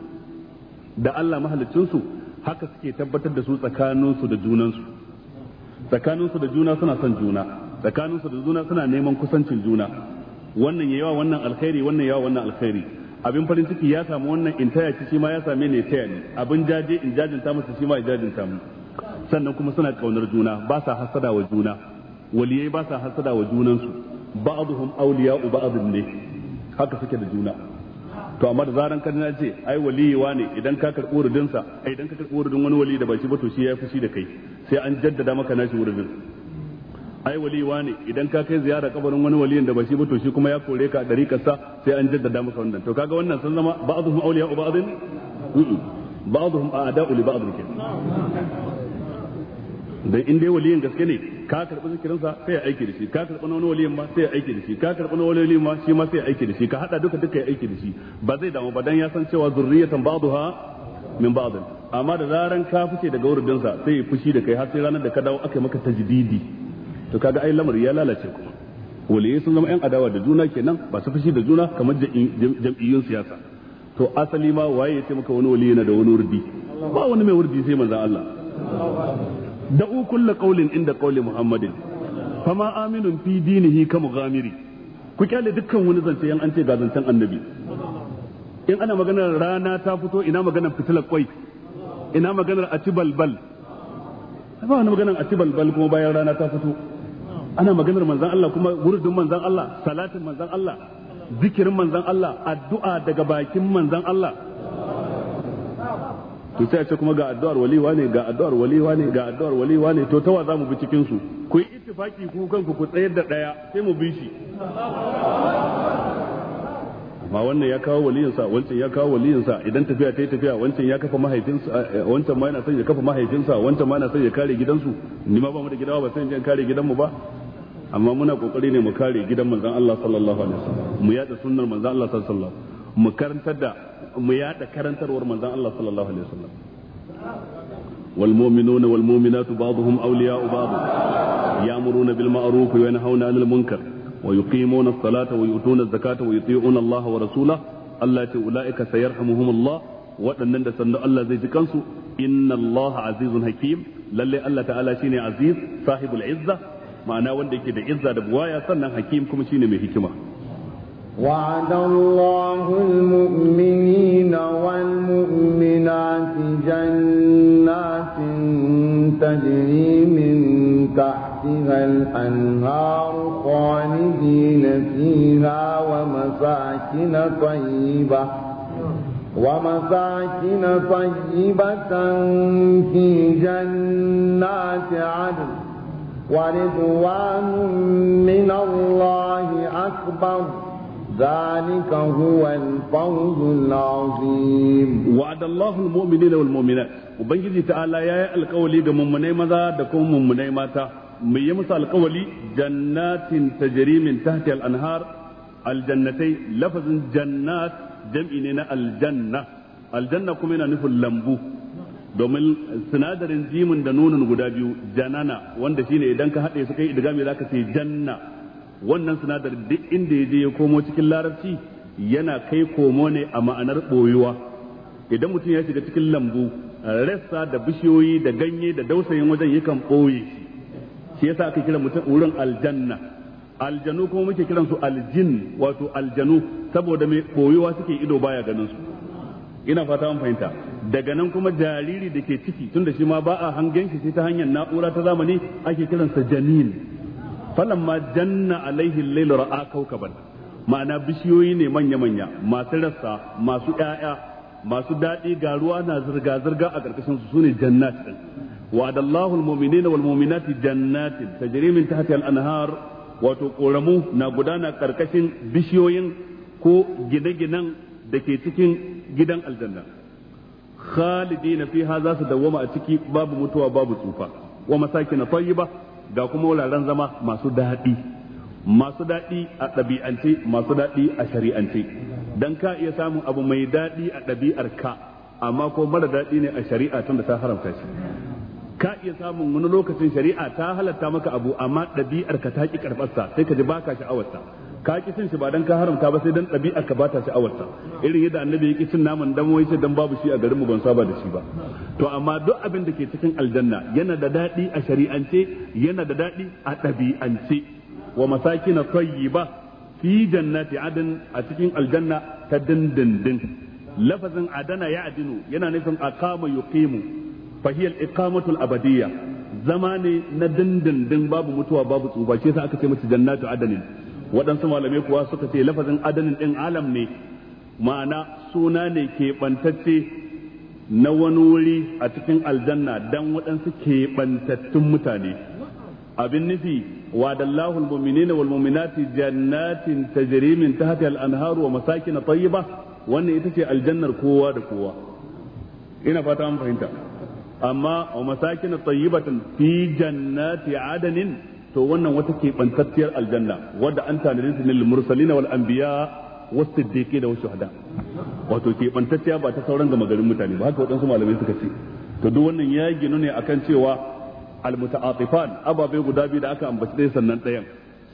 da Allah mahalicinsu haka suke tabbatar da su tsakaninsu da junansu tsakaninsu da juna suna son juna tsakaninsu da juna suna neman kusancin juna wannan yawa wannan alkhairi wannan yawa wannan alkhairi abin farin ciki ya samu wannan in taya ci shi ma ya same ne taya ni abin jaje in jajinta masa shi ma ya jajinta mu sannan kuma suna kaunar juna ba sa hasada wa juna waliyai ba sa hasada wa junansu ba'dhum awliya'u ba'd ne haka suke da juna to amma da zaran ka na ce ai wa ne idan ka karɓi wurdin sa idan ka karɓi wurdin wani wali da ba shi ba to shi ya fushi da kai sai an jaddada maka nashi wurdin ai wa ne idan ka kai ziyara kabarin wani waliyin da ba shi ba to shi kuma ya kore ka a dariƙar sa sai an jaddada maka wannan to kaga wannan sun zama ba'dhum awliya'u ba'dhin ba'dhum a'da'u li ba'dhin dan in dai waliyin gaske ne ka karɓi zikirin sa sai ya aiki da shi ka karɓi wani waliyin ma sai ya aiki da shi ka karɓi wani waliyin ma shi ma sai ya aiki da shi ka hada duka duka ya aiki da shi ba zai damu ba dan ya san cewa zurriyatan ba'daha min ba'd amma da zaran ka fice daga wurin sa sai ya fushi da kai har sai ranar da ka dawo aka maka tajdidi to kaga ai lamari ya lalace kuma waliyai sun zama yan adawa da juna kenan ba su fushi da juna kamar jam'iyyun siyasa to asali ma waye ya ce maka wani waliyi na da wani wurdi ba wani mai wurdi sai manzon Allah da'u kulla qaulin inda qauli muhammadin fama aminun fi dinihi ka mughamiri ku kyale dukkan wani zance yan an ce ga zancen annabi in ana maganar rana ta fito ina maganar fitilar kwai ina maganar a ci balbal ba wani maganar a ci balbal kuma bayan rana ta fito ana maganar manzan Allah kuma wurdin manzan Allah salatin manzan Allah zikirin manzan Allah addu'a daga bakin manzan Allah to sai a ce kuma ga addu'ar waliwa ne ga addu'ar waliwa ne ga addu'ar waliwa ne to tawa zamu bi cikin su ku yi ittifaki ku kanku ku tsayar da daya sai mu bi shi amma wannan ya kawo waliyinsa wancan ya kawo waliyinsa idan tafiya ta yi tafiya wancan ya kafa mahaifinsa eh, eh, wancan ma yana son ya kafa mahaifinsa wancan ma yana son ya kare gidansu ni ma ba mu da gidawa ba san in kare gidanmu ba amma muna kokari ne mu kare gidan manzon Allah sallallahu alaihi wasallam mu yada sunnar manzon Allah sallallahu alaihi wasallam mu karantar da mu yada karantarwar manzon Allah sallallahu alaihi wasallam wal mu'minuna wal mu'minatu ba'dhum awliya'u ba'd ya'muruna bil ma'ruf wa yanhauna 'anil munkar wa yuqimuna as-salata wa yu'tuna az-zakata wa yuti'una Allah wa rasulahu Allah ta ulaika sayarhamuhumullah waɗannan da sannu Allah zai ji kansu inna Allah azizun hakim lalle Allah ta'ala shine aziz sahibul izza ma'ana wanda yake da izza da buwaya sannan hakim kuma shine mai hikima وعد الله المؤمنين والمؤمنات جنات تجري من تحتها الأنهار خالدين فيها ومساكن طيبة ومساكن طيبة في جنات عدن ورضوان من الله أكبر ذلك هو الفوز العظيم وعد الله المؤمنين والمؤمنات وبنجي تعالى يا القولي ga mummunai maza da kuma mummunai mata mu yi musu alkawali jannatin tajri min tahti al-anhar aljannatai lafazin jannat jam'i ne na aljanna aljanna kuma yana nufin lambu domin sinadarin jimin da nunin guda biyu janana wanda shine idan ka haɗe su kai idgami zaka ce janna wannan sinadarin duk inda ya je ya komo cikin larabci yana kai komo ne a ma'anar boyuwa idan mutum ya shiga cikin lambu rassa da bishiyoyi da ganye da dausayin wajen yakan boye shi shi yasa aka kira mutum wurin aljanna aljanu kuma muke kiran su aljin wato aljanu saboda mai boyuwa suke ido baya ganin su ina fata mun fahimta daga nan kuma jariri da ke ciki tunda shi ma ba a hangen shi sai ta hanyar na'ura ta zamani ake kiransa janin falamma janna alaihi al-layl ra'a kawkaban ma'ana bishiyoyi ne manya manya masu rassa masu ƴaƴa masu daɗi ga ruwa na zirga zirga a karkashin su sune jannat din wa'ada Allahu wal mu'minati jannatin tajri min tahtiha al-anhar wato koramu na gudana karkashin bishiyoyin ko gine-ginen da ke cikin gidan aljanna khalidina fiha za su dawwama a ciki babu mutuwa babu tsufa wa masakin tayyiba ga kuma wuraren zama masu daɗi masu daɗi a ɗabi'ance masu daɗi a shari'ance don ka iya samun abu mai daɗi a ɗabi'ar ka amma ko mara daɗi ne a shari'a tun da ta haramta shi ka iya samun wani lokacin shari'a ta halatta maka abu amma ɗabi'ar ka ta ki karɓarsa sai ka ji baka sha'awarsa ka ki cin shi ba dan ka haramta ba sai dan ɗabi'a ka bata awarta irin yadda annabi yake cin naman dan wai sai dan babu shi a garin mu ban saba da shi ba to amma duk abin da ke cikin aljanna yana da daɗi a shari'ance yana da daɗi a ɗabi'ance wa masakin tayyiba fi jannati adin a cikin aljanna ta dindindin lafazin adana ya adinu yana nufin aqama yuqimu al-iqamatu al abadiyya zama ne na dindindin babu mutuwa babu tsufa shi yasa aka ce mace jannatu adanin waɗansu malamai kuwa suka ce lafazin adanin ɗin alam ne ma'ana suna ne keɓantacce na wani wuri a cikin aljanna dan waɗansu keɓantattun mutane abin nufi wadallahu almu'minina wal mu'minati jannatin tajri min tahtiha al-anharu wa masakin tayyiba wannan ita ce aljannar kowa da kowa ina fata an fahimta amma wa masakin tayyibatan fi jannati adanin to wannan wata keɓantacciyar aljanna wadda an tanadi ta lil mursalina wal anbiya was da shuhada wato keɓantacciya ba ta sauran gama garin mutane ba haka waɗansu malamai suka ce to duk wannan ya ginu ne akan cewa al muta'atifan ababai guda biyu da aka ambaci daya sannan ɗayan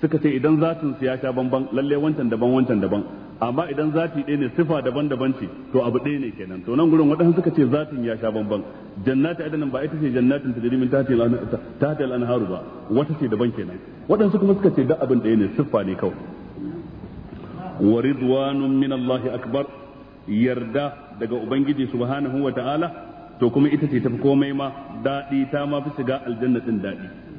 suka ce idan zatin su ya sha bamban lalle wancan daban wancan daban amma idan zati ɗaya ne sifa daban-daban ce to abu ɗaya ne kenan to nan gurin waɗansu suka ce zatin ya sha bamban jannati adanan ba ita ce jannatin tajri min tahtiha al-anharu ba wata ce daban kenan waɗansu kuma suka ce duk abin ɗaya ne siffa ne kawai wa ridwanun min Allah akbar yarda daga ubangiji subhanahu wa ta'ala to kuma ita ce tafi komai ma daɗi ta ma fi shiga aljanna ɗin daɗi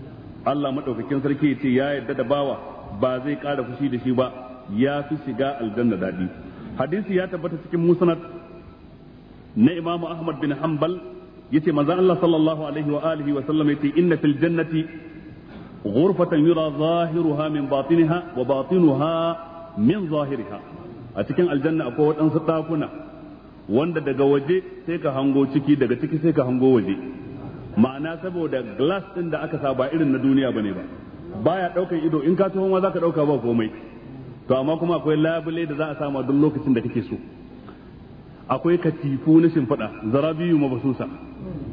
Allah maɗaukakin sarki ya ce ya yarda da bawa ba zai ƙara fushi da shi ba ya fi shiga aljanna daɗi hadisi ya tabbata cikin musnad na Imam Ahmad bin Hanbal yace manzon Allah sallallahu alaihi wa alihi wa sallam yace inna fil jannati غرفة يرى ظاهرها من باطنها وباطنها من ظاهرها a cikin aljanna akwai waɗansu ɗakuna wanda daga waje sai ka hango ciki daga ciki sai ka hango waje ma'ana saboda glass din da aka sa ba irin na duniya bane ba baya daukan ido in ka taho ma zaka dauka ba komai to amma kuma akwai labule da za a sama duk lokacin da kake so akwai katifu na shimfiɗa zarabiyu mabasusa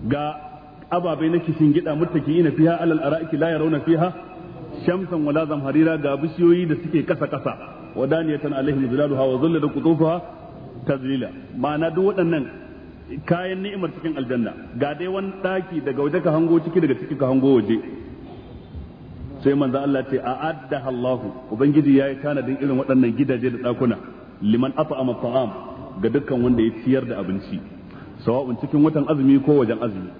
ga ababai na kishin gida mutaki ina fiha alal ara'iki la yarawna fiha shamsan wala Harira ga bishiyoyi da suke kasa kasa wadaniyatan alaihim zilaluha wa zulladat qutufuha tazlila ma'ana duk waɗannan kayan ni'imar cikin aljanna ga dai wani daki daga waje ka hango ciki daga ciki ka hango waje sai manzo Allah ce adda Allahu ubangiji yayi tanadin irin waɗannan gidaje da dakuna liman at'ama ta'am ga dukkan wanda ya ciyar da abinci sawa'un cikin watan azumi ko wajen azumi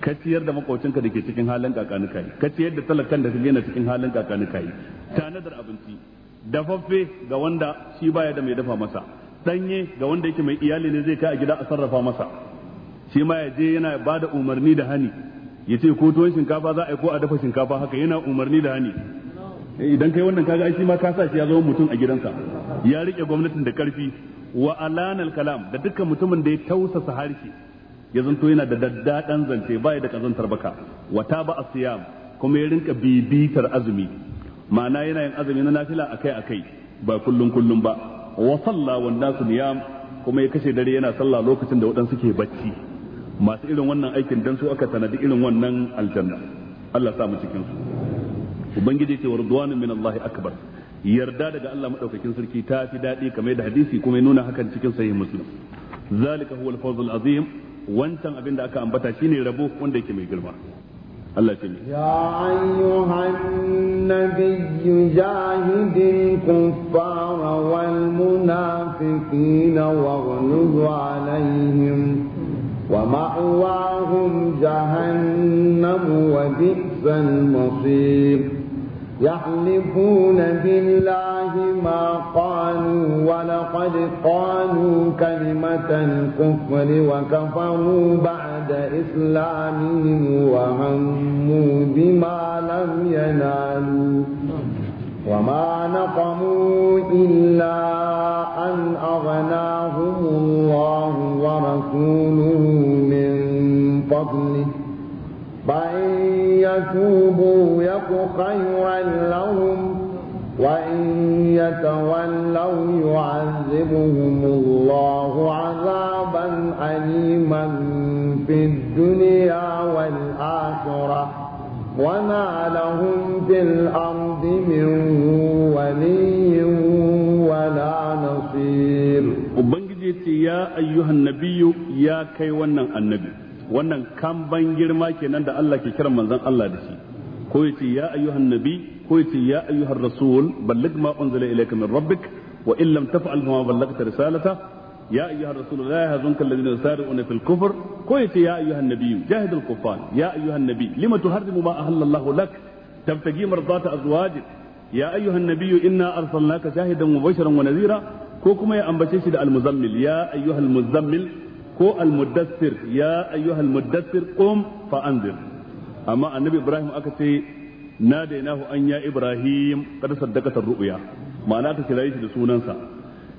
ka ciyar da makocinka da ke cikin halin kakanuka kai ka ciyar da talakan da kake na cikin halin kakanuka kai tanadar abinci dafaffe ga wanda shi baya da mai dafa masa danye ga wanda yake mai iyali ne zai kai a gida a sarrafa masa shi ma ya je yana ba da umarni da hani ya ce ko tuwon shinkafa za a yi ko a dafa shinkafa haka yana umarni da hani eh, idan kai wannan kaga shi ma ka sa shi ya zama mutum a gidansa ya rike gwamnatin da karfi wa alanal kalam da dukkan mutumin da ya tausasa harshe ya zanto yana da daddadan zance baya da kazantar baka wa ba asiyam kuma ya rinka bibitar azumi ma'ana yana yin azumi na nafila akai akai ba kullun kullum ba wa salla wan nasu niyam kuma ya kashe dare yana sallah lokacin da waɗansu ke bacci masu irin wannan aikin dan su aka tanadi irin wannan aljanna Allah sa mu cikin su ubangiji ce warduwanun min Allah akbar yarda daga Allah madaukakin sarki ta fi daɗi kamar da hadisi kuma ya nuna hakan cikin sahih muslim zalika huwa al-fawz al-azim wancan abin da aka ambata shine rabo wanda yake mai girma الله ce ya ayyuhan nabiyyu jahidil kuffara wal munafiqina ومأواهم جهنم وبئس المصير يحلفون بالله ما قالوا ولقد قالوا كلمة الكفر وكفروا بعد بعد إسلامهم وهموا بما لم ينالوا وما نقموا إلا أن أغناهم الله ورسوله من فضله فإن يتوبوا يك خيرا لهم وإن يتولوا يعذبهم الله عذابا أليما في الدنيا wana وما لهم في الأرض من ولي ولا نصير ubangiji ya ayyuhan nabiyyu ya kai wannan annabi wannan kamban girma kenan da Allah ke kiran manzon Allah da shi ko yace ya ayyuhan nabi ko yace ya ayyuhan rasul balligh ma unzila ilayka rabbik wa in lam taf'al ma ballagta risalata يا أيها الرسول لا يهزنك الذين يسارعون في الكفر كويس يا أيها النبي جاهد الكفار يا أيها النبي لم تحرم ما أهل الله لك تبتغي مرضات أزواجك يا أيها النبي إنا أرسلناك شاهدا مبشرا ونذيرا كوكما يا أنبشيش المزمل يا أيها المزمل كو المدثر يا أيها المدثر قم فأنذر أما النبي إبراهيم أكتي ناديناه أن يا إبراهيم قد صدقت الرؤيا معناته كلايش لسونانسا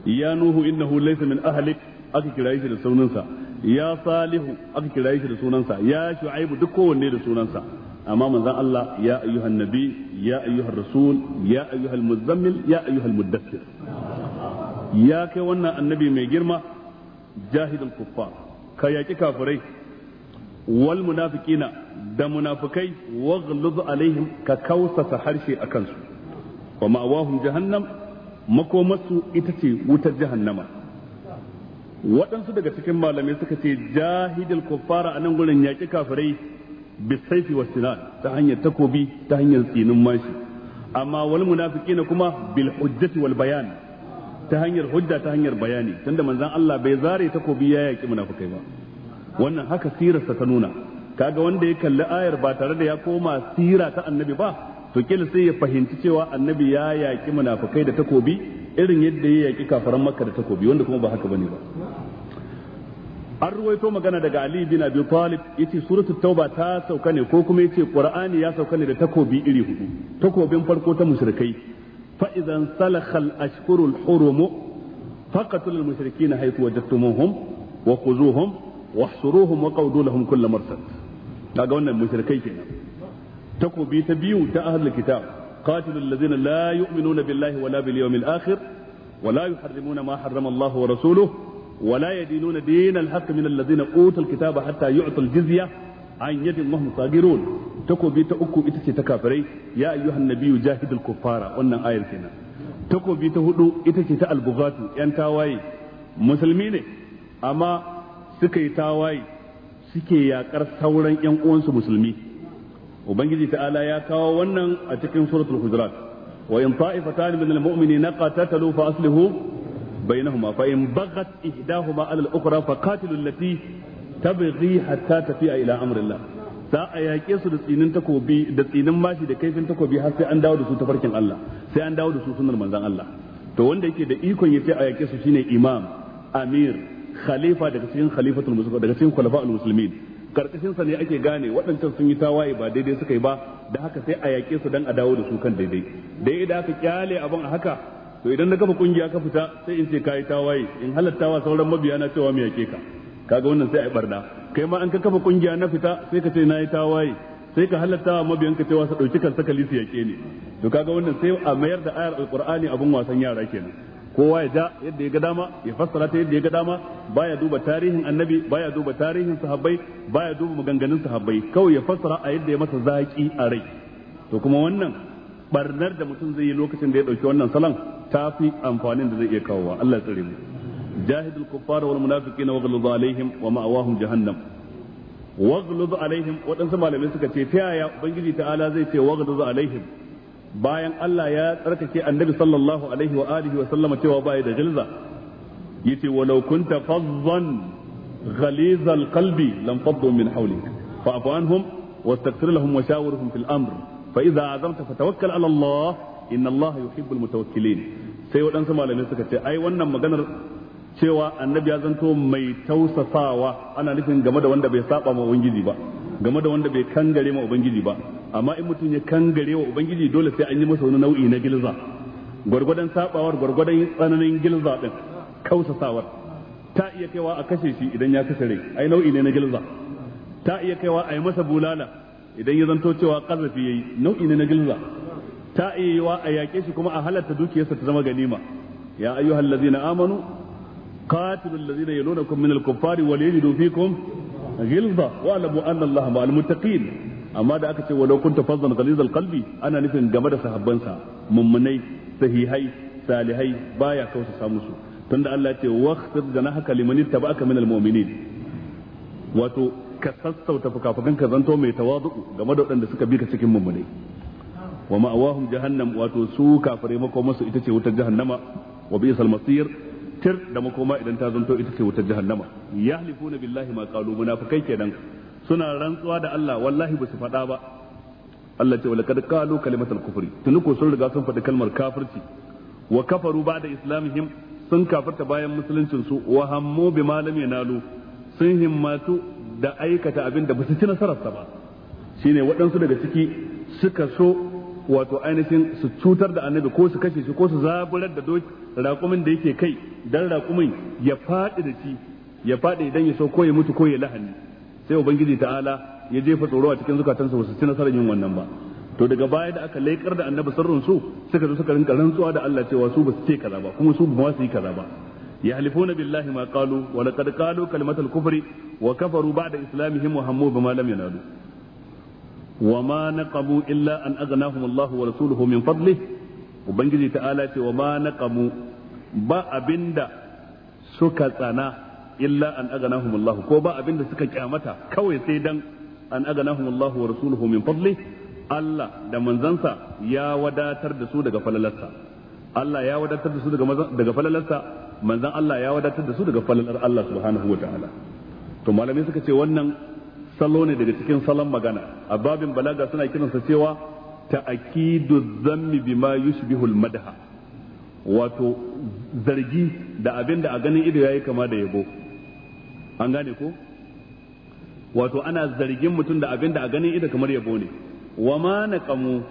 ya nuhu innahu laysa min ahlik aka kira shi da sunansa ya salihu aka kira shi da sunansa ya shu'aibu duk kowanne da sunansa amma manzon Allah ya ayyuhan nabi ya ayyuhar rasul ya ayyuhal muzammil ya ayyuhal muddathir ya kai wannan annabi mai girma jahidul kuffar ka yaki kafirai wal munafiqina da munafikai waghluz alaihim ka kausasa harshe akan su wa ma'awahum jahannam makomarsu ita ce wutar jahannama waɗansu daga cikin malamai suka ce jahidil kuffara a nan gurin yaƙi kafirai bisaifi wa sinan ta hanyar takobi ta hanyar tsinin mashi amma wal munafiqina kuma bil hujjati wal bayan ta hanyar hujja ta hanyar bayani tunda manzon Allah bai zare takobi ya yaƙi munafikai ba wannan haka sirarsa ta nuna kaga wanda ya kalli ayar ba tare da ya koma sira ta annabi ba to kila sai ya fahimci cewa annabi ya yaki munafikai da takobi irin yadda ya yaki kafaran makka da takobi wanda kuma ba haka bane ba an ruwaito magana daga ali bin abi talib yace suratu tauba ta sauka ne ko kuma yace qur'ani ya sauka ne da takobi iri hudu takobin farko ta mushrikai fa idan salakhal al ashhurul hurum faqatul mushrikin haythu wajadtumuhum wa khuzuhum wahsuruhum wa qawdu kull marsad kaga wannan mushrikai kenan takobi ta biyu ta ahlul kitab qatilul ladzina la yu'minuna billahi wala bil yawmil akhir wala yuharrimuna ma harrama Allah wa rasuluhu wala yadinuna dinal haqq min alladhina utul kitaba hatta yu'tul jizya an yadin wahum sagirun takobi ta uku ita ce ta kafirai ya ayyuhan nabiyyu jahidul kuffara wannan ayar kenan takobi ta hudu ita ce ta albugatu yan tawaye musulmi ne amma suka yi tawaye suke yakar sauran yan uwansu musulmi ubangiji ta'ala ya kawo wannan a cikin suratul hujurat wa in ta'ifatan min almu'minina qatatalu fa aslihu bainahuma fa in baghat ihdahuma ala al-ukhra fa qatilu allati tabghi hatta tafi'a ila amrillah za a yaƙe su da tsinin takobi da tsinin mashi da kaifin takobi har sai an dawo da su tafarkin Allah sai an dawo da su sunnar manzon Allah to wanda yake da ikon yace a yaƙe su shine imam amir khalifa daga cikin khalifatul musulmin daga cikin khulafa'ul muslimin karkashin sa ne ake gane waɗancan sun yi tawaye ba daidai suka yi ba da haka sai a yaƙe su dan a dawo da su kan daidai dai idan aka kyale abin a haka to idan na kafa kungiya ka fita sai in ce kai tawaye in halattawa sauran mabiya na cewa mu yaƙe ka kaga wannan sai a barna kai ma an ka kafa kungiya na fita sai ka ce na yi tawaye sai ka halattawa mabiyanka cewa su ɗauki kan sakali su yaƙe ne to kaga wannan sai a mayar da ayar alqur'ani abin wasan yara kenan kowa ya ja yadda ya ga dama ya fassara ta yadda ya ga dama baya duba tarihin annabi baya duba tarihin sahabbai baya duba maganganun sahabbai kawai ya fassara a yadda ya masa zaki a rai to kuma wannan barnar da mutum zai yi lokacin da ya dauki wannan salon ta fi amfanin da zai iya kawowa Allah tsare mu jahidul kuffar wal munafiqina waghluz alaihim wa ma'awahum jahannam waghluz alaihim wadansu malamai suka ce ta yaya ubangiji ta'ala zai ce waghluz alaihim bayan Allah ya tsarkake annabi sallallahu alaihi wa alihi wa sallama cewa baya da jalza yace walau kunta fazzan غليظ القلب لانفضوا من حولك فاعف عنهم واستغفر لهم وشاورهم في الامر فاذا عزمت فتوكل على الله ان الله يحب المتوكلين sai waɗansu malamai suka ce ai wannan maganar cewa annabi ya zanto mai tausasawa ana nufin game da wanda bai saba ma ubangiji ba game da wanda bai kangare ma ubangiji ba amma in mutum ya kangare wa ubangiji dole sai an yi masa wani nau'i na gilza gwargwadon sabawar gwargwadon tsananin gilza din kausasawar ta iya kaiwa a kashe shi idan ya kashe rai ai nau'i ne na gilza ta iya kaiwa a yi masa bulala idan ya zanto cewa kazafi yayi nau'i ne na gilza ta iya yiwa a yake shi kuma a halatta dukiyarsa ta zama ganima ya ayyuhallazina amanu qatilul ladzina yalunakum al kuffari wal yajidu fikum ghilza wa alamu anna allaha ma'al muttaqin amma da aka ce walau kunta fazzan ghalizal kalbi ana nufin game da sahabbansa mummunai sahihai salihai baya kausa sa tunda Allah ya ce waqtir janahaka liman ittaba'aka minal mu'minin wato ka sassauta fukafukan ka zanto mai tawazu game da waɗanda suka bi ka cikin mummunai wa ma'awahum jahannam wato su kafare mako masu ita ce wutar jahannama wa bi'sal masir tir da makoma idan ta zanto ita ce wutar jahannama yahlifuna billahi ma qalu munafikai kenan suna rantsuwa da Allah wallahi ba su faɗa ba Allah ce walaqad qalu kalimatal kufri tun ko sun riga sun faɗi kalmar kafirci wa kafaru ba'da islamihim sun kafirta bayan musuluncin su wa hammu bima lam yanalu sun himmatu da aikata abin da ba su ci nasararsa ba shine waɗansu daga ciki suka so wato ainihin su cutar da annabi ko su kashe shi ko su zaburar da doki raƙumin da yake kai dan raƙumin ya faɗi da shi ya faɗi idan ya so ko ya mutu ko ya lahani sai ubangiji ta'ala ya jefa tsoro a cikin zukatansa su ci nasarar yin wannan ba to daga baya da aka laikar da annabi sirrin su suka zo suka rinka rantsuwa da Allah cewa su ba su ce kaza ba kuma su ba su yi kaza ba qalu wa laqad qalu ولقد kufri wa kafaru ba'da islamihim wa hammu bima ya yanalu وما نقموا إلا أن أغناهم الله ورسوله من فضله وبنجي تعالى وما نقموا ba abinda suka tsana illa an aganahum Allah ko ba abinda suka kyamata kawai sai dan an aganahum Allah wa Allah da manzansa ya wadatar da su daga falalarsa Allah ya wadatar da su daga falalarsa manzan Allah ya wadatar da su daga falalar Allah subhanahu wa ta'ala to malamai suka ce wannan salo ne daga cikin salon magana a babin balaga suna kiransa cewa ta'akidu zammi bima yushbihul madha wato zargi da abin da a ganin ido yayi kama da yabo an gane ko wato ana zargin mutum da abin da a ganin ido kamar yabo ne wa ma naqamu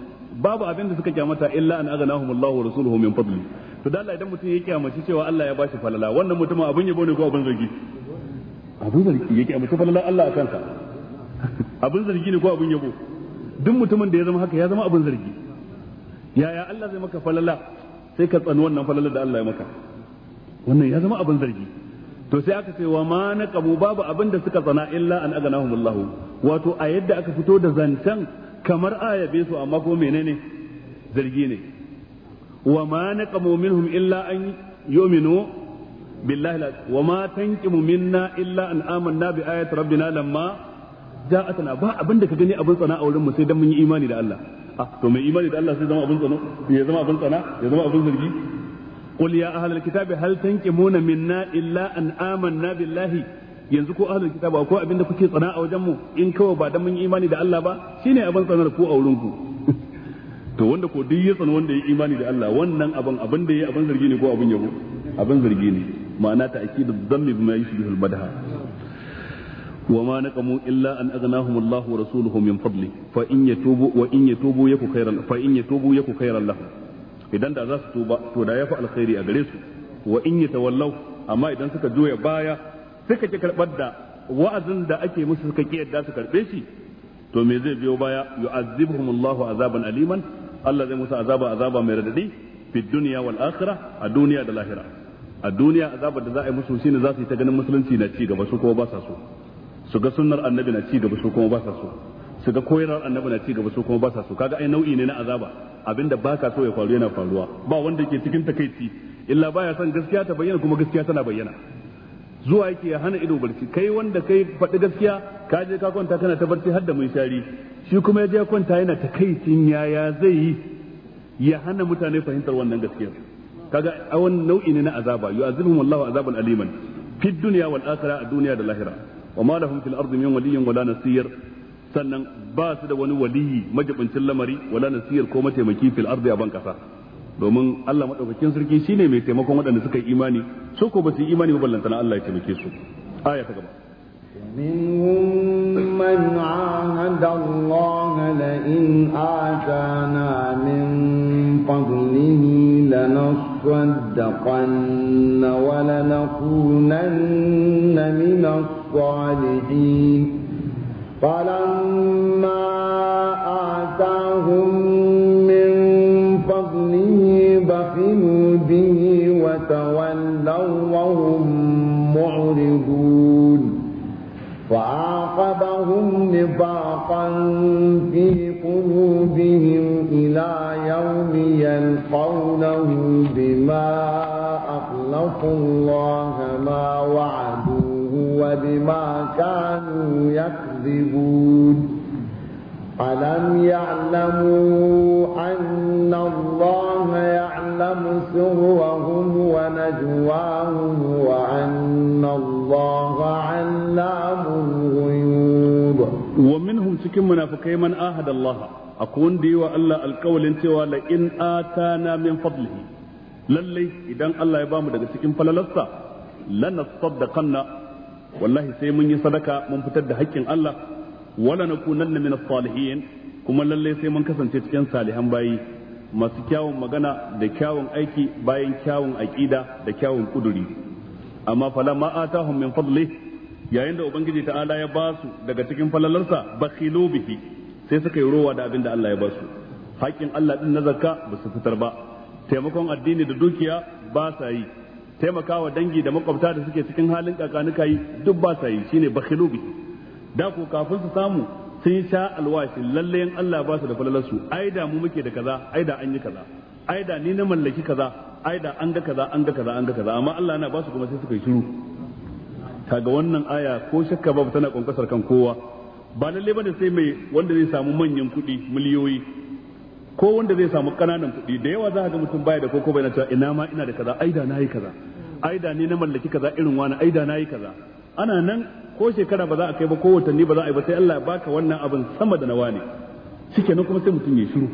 babu abin da suka kyamata illa an aghnahum Allahu wa rasuluhu min fadli to da Allah idan mutum ya kyamaci cewa Allah ya bashi falala wannan mutum abin yabo ne ko abin zargi abin zargi ya kyamaci falala Allah a ka. abin zargi ne ko abin yabo duk mutumin da ya zama haka ya zama abin zargi yaya Allah zai maka falala sai ka tsani wannan falala da Allah ya maka wannan ya zama abin zargi to sai aka ce wa ma naqabu babu abin da suka tsana illa an aganahumullahu wato a yadda aka fito da zancen kamar ayabe su amma ko menene zargi ne wa ma naqamu minhum illa an yu'minu billahi wa ma tanqimu minna illa an amanna bi ayati rabbina lamma ja'atana ba abin da ka gani abin tsana a wurin mu sai dan mun yi imani da Allah ah to mai imani da Allah sai zama abin tsano ya zama abin tsana ya zama abin zargi qul ya ahlal kitabi hal tanqimuna minna illa an amanna billahi yanzu ko ahlul kitabi ko abin da kuke tsana a wajen mu in kawai ba dan mun yi imani da Allah ba shine abin tsanar ku a wurin ku <laughs> to wanda ko duk ya tsana wanda ya yi imani da Allah wannan abin abin da ya abin zargi ne ko abin yabo abin zargi ne ma'ana ta'kidu dhammi bima yashbihu al-madha وما نقموا إلا أن أغناهم الله ورسوله من فضله فإن يتوبوا وإن يتوبوا يكو خيرا فإن يتوبوا يكو خيرا لهم إذا دا زاس توبا تو دا يفعل الخير أغريس وإن يتولوا أما إذا سكا جوية بايا سكا جكر بدا وأذن دا أكي مسكا كي دا سكا بيشي to me zai biyo baya yu'azzibuhum Allahu azaban aliman Allah zai musu azaba azaba mai radadi fi dunya a duniya da lahira a duniya azabar da za a yi musu shine ne su yi ta ganin musulunci na ci gaba su ko basa so su ga sunnar annabi na ci gaba su kuma ba sa so su ga koyarwar annabi na ci gaba su kuma ba sa so kaga ai nau'i ne na azaba abinda baka so ya faru yana faruwa ba wanda ke cikin takaici illa baya son gaskiya ta bayyana kuma gaskiya tana bayyana zuwa yake ya hana ido barci kai wanda kai faɗi gaskiya ka je ka kwanta kana ta barci har da mai shari shi kuma ya je kwanta yana takaicin yaya zai yi ya hana mutane fahimtar wannan gaskiyar kaga a wani nau'i ne na azaba yu'azibuhum Allahu azaban aliman fid dunya wal akhirah a duniya da lahira wa ma lahum fil ardi min waliyyin wala nasir sannan ba su da wani waliyi majibincin lamari wala nasir ko mataimaki fil ardi a ban kasa domin Allah madaukakin sarki shine mai taimakon waɗanda suka imani su ko ba su yi imani ba ballantana Allah ya taimake su aya ta gaba منهم من عاهد الله لئن آتانا من فضله لنصدقن ولنكونن من الصالحين الصالحين فلما آتاهم من فضله بخلوا به وتولوا وهم معرضون فعاقبهم نفاقا في قلوبهم إلى يوم يلقونه بما أخلفوا الله ما وعدوا بما كانوا يكذبون ألم يعلموا أن الله يعلم سرهم ونجواهم وأن الله علام الغيوب ومنهم سكن منافقين من آهد الله أكون دي وألا القول انت لئن آتانا من فضله للي إذا الله يبامد سكن فللسا لنصدقن wallahi sai mun yi sadaka mun fitar da haƙƙin Allah wala na na min salihin kuma lalle sai mun kasance cikin salihan bayi masu kyawun magana da kyawun aiki bayan kyawun aƙida da kyawun kuduri amma fala ma atahum min fadli yayin da ubangiji ta'ala ya basu daga cikin falalarsa bakhilu bihi sai suka yi rowa da abin da Allah ya basu haƙƙin Allah din na zakka ba su fitar ba taimakon addini da dukiya ba sa yi taimakawa dangi da makwabta da suke cikin halin kakanuka yi duk ba sa yi shine bakhilu bi da ko kafin su samu sun sha alwashi lalle Allah ba su da falalarsu ai da mu muke da kaza ai da an yi kaza ai da ni na mallaki kaza ai da an ga kaza an ga kaza an ga kaza amma Allah yana ba su kuma sai suka yi shiru kaga wannan aya ko shakka babu tana kankasar kan kowa ba lalle bane sai mai wanda zai samu manyan kuɗi miliyoyi ko wanda zai samu kananan kuɗi da yawa za ga mutum baya da koko bai na cewa ina ma ina da kaza aida na yi kaza aida ne na mallaki kaza irin wani aida na yi kaza ana nan ko shekara ba za a kai ba ko watanni ba za a yi ba sai Allah ya baka wannan abin sama da nawa ne shike kuma sai mutum ya shiru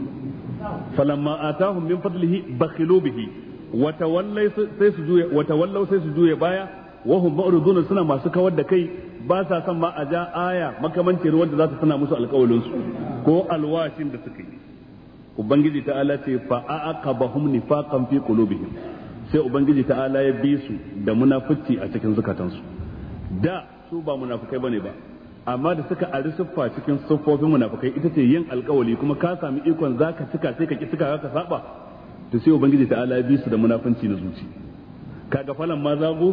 falamma atahum min fadlihi bakhilu bihi wa sai su juye wa sai su juye baya wa hum suna masu kawar da kai ba sa son ma a ja aya makamancin ruwan da za ta tana musu alƙawalin su ko alwashin da suka yi ubangiji ta'ala ce fa aqabahum nifaqan fi qulubihim sai ubangiji ta'ala ya bi su da munafici a cikin zukatansu da su ba munafikai bane ba amma da suka ari siffa cikin siffofin munafukai ita ce yin alkawali kuma ka sami ikon zaka cika sai ka ki cika ka saba to sai ubangiji ta'ala ya bi su da munafunci na zuci kaga falan ma zagu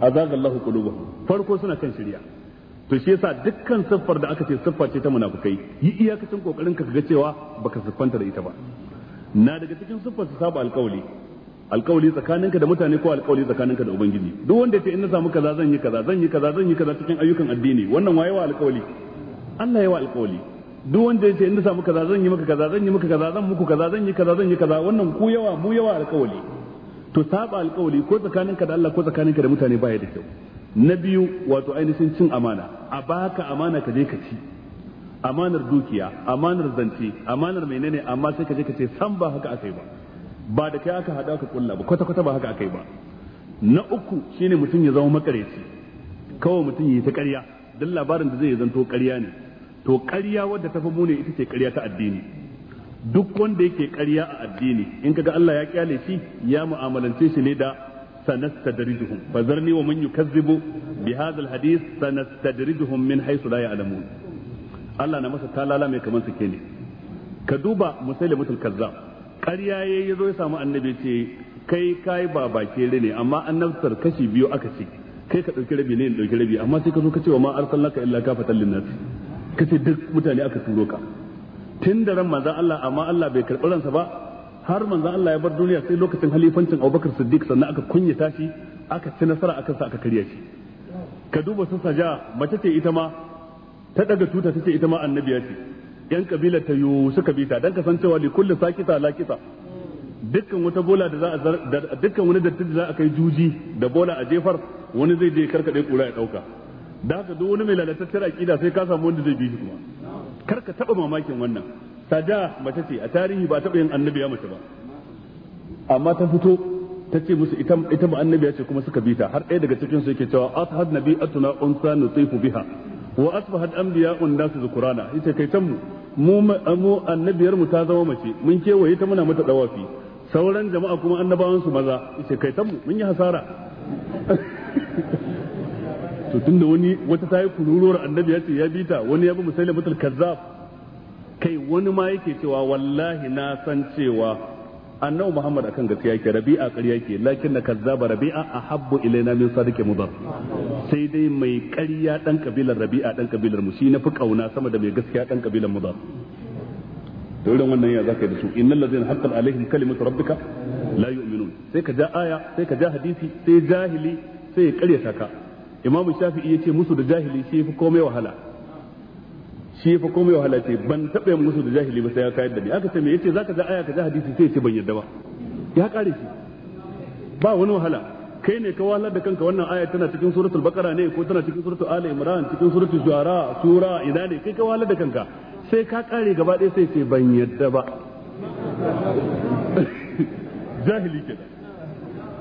a Allahu farko suna kan shirya. to shi yasa dukkan siffar da aka ce siffa ce ta munafukai yi iyakacin kokarin ka ga cewa baka siffanta da ita ba na daga cikin siffar su saba alkawali alkawali tsakaninka da mutane ko alkawali tsakaninka da ubangiji duk wanda ya ce in na samu kaza zan yi kaza zan yi kaza zan yi kaza cikin ayyukan addini wannan waye wa alkawali Allah ya wa alkawali duk wanda ya ce in na samu kaza zan yi maka kaza zan yi maka kaza zan muku kaza zan yi kaza zan yi kaza wannan ku yawa mu yawa alkawali to saba alkawali ko tsakaninka da Allah ko tsakaninka da mutane baya da kyau na biyu wato ainihin cin amana a baka amana ka je ka ci amanar dukiya amanar zance amanar menene amma sai ka je ka ce san ba haka akai ba ba da kai aka hada ka kulla ba kwata kwata ba haka akai ba na uku shine mutum ya zama makareci kawai mutum yi ta ƙarya don labarin da zai zanto karya ne to ƙarya wadda ta fi mune ita ce karya ta addini duk wanda yake karya a addini in kaga Allah ya kyale shi ya mu'amalance shi ne da sanastadrijuhum fazarni wa man yukazzibu bi hadha alhadith sanastadrijuhum min haythu la ya'lamun Allah na masa talala mai kamar sake ne ka duba musailimatul kazzab ƙarya yayi yazo ya samu annabi ce kai kai ba bake ne amma annabtar kashi biyu aka ce kai ka dauki rabi ne in dauki rabi amma sai ka zo ka ce wa ma arsalnaka illa kafatan linnas kace duk mutane aka turo ka tun da ran manzon Allah amma Allah bai karɓi ransa ba har manzon Allah ya bar duniya sai lokacin halifancin Abubakar Siddiq sannan aka kunyata shi aka ci nasara akan sa aka kariya shi ka duba su saja mace ce ita ma ta daga tuta tace ita ma annabiya ce yan kabilar ta yu suka bita dan kasancewa li kulli sakita lakita dukkan wata bola da za a dukkan wani datti da za a kai juji da bola a jefar wani zai je karkade kura ya dauka da haka duk wani mai lalataccen akida sai ka samu wanda zai bi shi kuma kar ka taba mamakin wannan saja mace ce a tarihi ba taɓa yin annabiya mace ba amma ta fito ta ce musu ita ita ba annabiya ce kuma suka bita har ɗaya daga cikin su yake cewa ashad atuna unsa nutifu biha wa asbahat anbiya'un su zukurana ita kai tan mu mu annabiyar mu ta zama mace mun kewaye ta muna mata dawafi sauran jama'a kuma annabawan su maza ita kai tan mun yi hasara <laughs> to tunda wani wata ta yi kururuwar annabiya ce ya bita wani ya bi musailatul kazzab kai wani ma yake cewa wallahi na san cewa annabi Muhammad akan gaskiya yake Rabi'a ƙarya yake lakin na kazzaba Rabi'a ahabbu ilaina min sadiqi mudar sai dai mai ƙarya dan kabilar Rabi'a dan kabilar mu shi na fi kauna sama da mai gaskiya dan kabilar mudar to irin wannan ya zaka yi da su innal ladzina haqqal alaihim kalimatu rabbika la yu'minun sai ka ja aya sai ka ja hadisi sai jahili sai ya ƙaryata ka imamu shafi'i yace musu da jahili shi fi komai wahala shi fa komai wahala ce ban taɓa yin musu da jahili ba sai ya kayar da ni aka ce me yace zaka ga aya ka ga hadisi sai ce ban yadda ba ya kare shi ba wani wahala kai ne ka wahalar da kanka wannan aya tana cikin suratul baqara ne ko tana cikin suratul ali imran cikin suratul shuara sura ina ne kai ka wahalar da kanka sai ka kare gaba ɗaya sai ce ban yadda ba <laughs> jahili kenan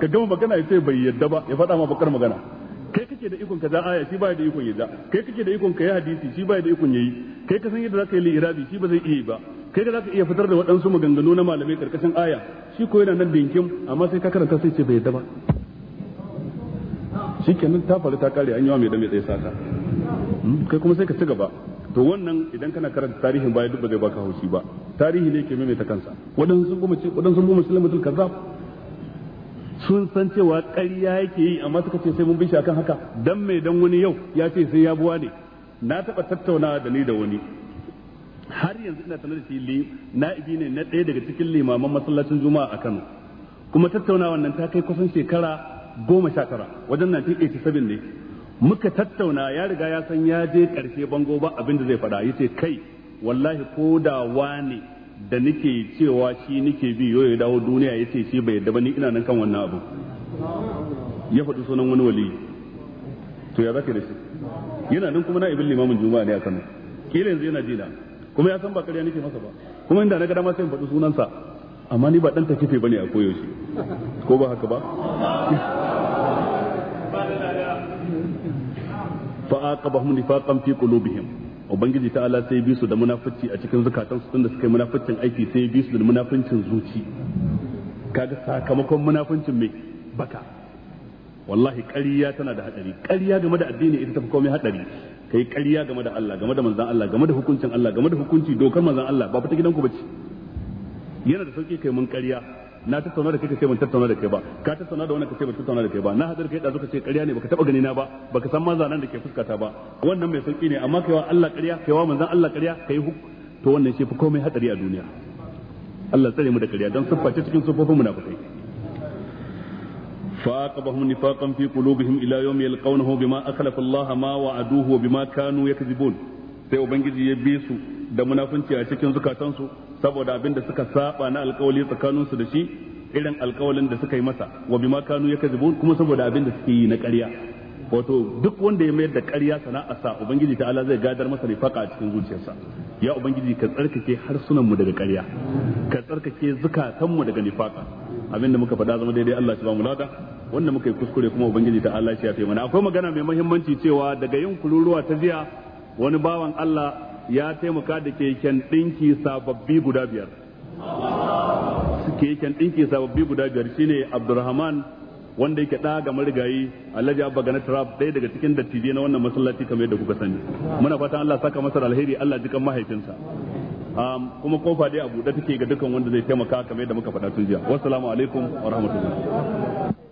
ka gama magana ya ce bai yadda ba ya faɗa ma bakar magana kai kake da ikon ka za aya shi baya da ikon ya za kai kake da ikon ka yi hadisi shi baya da ikon yayi kai ka san yadda zaka yi li'irabi shi ba zai iya ba kai ka zaka iya fitar da waɗansu maganganu na malamai karkashin aya shi ko yana nan dinkin amma sai ka karanta sai ce bai yadda ba shikenan ta faru ta kare an mai da mai tsaye saka hmm, kai kuma sai ka ci gaba to wannan idan kana karanta tarihin baya duk ba zai baka haushi ba tarihi ne ke maimaita kansa waɗansu kuma musulmi mutum kaza sun san cewa ƙarya yake yi amma suka ce sai mun bishi akan haka dan mai dan wani yau ya ce sai ya buwa ne na taɓa tattaunawa da ni da wani har yanzu ina sanar da shi na'ibi ne na ɗaya daga cikin limaman masallacin juma'a a Kano kuma tattaunawa nan ta kai kusan shekara goma sha tara wajen sabin ne muka tattauna ya riga ya san ya je ƙarshe bango ba abin da zai faɗa yace kai wallahi ko da wane da nake cewa shi nake bi yau ya dawo duniya ya ce shi bai yadda ba ni ina nan kan wannan abu ya faɗi sunan wani wali to ya zaka da shi yana nan kuma na ibin limamin juma'a ne a Kano kila yanzu yana jina kuma ya san ba ƙarya nake masa ba kuma inda na ga dama sai in faɗi sunansa amma ni ba dan tafife bane a koyaushe ko ba haka ba fa aqabahum nifaqan fi qulubihim ubangiji ta Allah sai bi su da munafici a cikin zukatan su tunda suka yi munaficin aiki sai bi su da munafincin zuci kaga sakamakon munafincin mai baka wallahi ƙarya tana da hadari ƙarya game da addini ita tafi komai hadari kai ƙarya game da Allah game da manzon Allah game da hukuncin Allah game da hukunci dokar manzon Allah ba fita gidanku bace yana da sauki kai mun ƙarya na tattauna da kai kace ban tattauna da kai ba ka tattauna da wannan kace ban tattauna da kai ba na hadar kai da zuka ce ƙarya ne baka taba gani na ba baka san ma zanan da ke fuskata ba wannan mai sauki ne amma kaiwa Allah ƙarya kaiwa manzon Allah ƙarya kai hu, to wannan shi fi komai hadari a duniya Allah tsare mu da ƙarya don siffa ce cikin sufofin munafikai فأعقبهم نفاقا في قلوبهم إلى يوم يلقونه بما أخلف الله ما وعدوه وبما كانوا يكذبون sai ubangiji ya bi su da munafunci a cikin zukatansu saboda abin da suka saba na alkawali tsakanin su da shi irin alkawalin da suka yi masa wa bima kanu yakzibun kuma saboda abin da suke yi na ƙarya wato duk wanda ya mayar da ƙarya sa ubangiji Allah zai gadar masa nifaka a cikin zuciyarsa ya ubangiji ka tsarkake harsunanmu daga ƙarya ka tsarkake zukatanmu daga nifaka abin da muka faɗa zama daidai Allah shi ba mu lada wanda muka yi kuskure kuma ubangiji ta Allah shi ya mana akwai magana mai muhimmanci cewa daga yin kururuwa ta jiya wani bawan Allah ya taimaka da keken ɗinki sababbi guda biyar keken ɗinki sababbi guda biyar shine abdurrahman wanda yake ɗa ga marigayi alhaji abba gana trap ɗaya daga cikin dattijai na wannan masallaci kamar yadda kuka sani muna fatan allah saka masa alheri allah jikan mahaifinsa kuma kofa dai a buɗe take ga dukkan wanda zai taimaka kamar yadda muka faɗa tun jiya wassalamu alaikum wa rahmatullah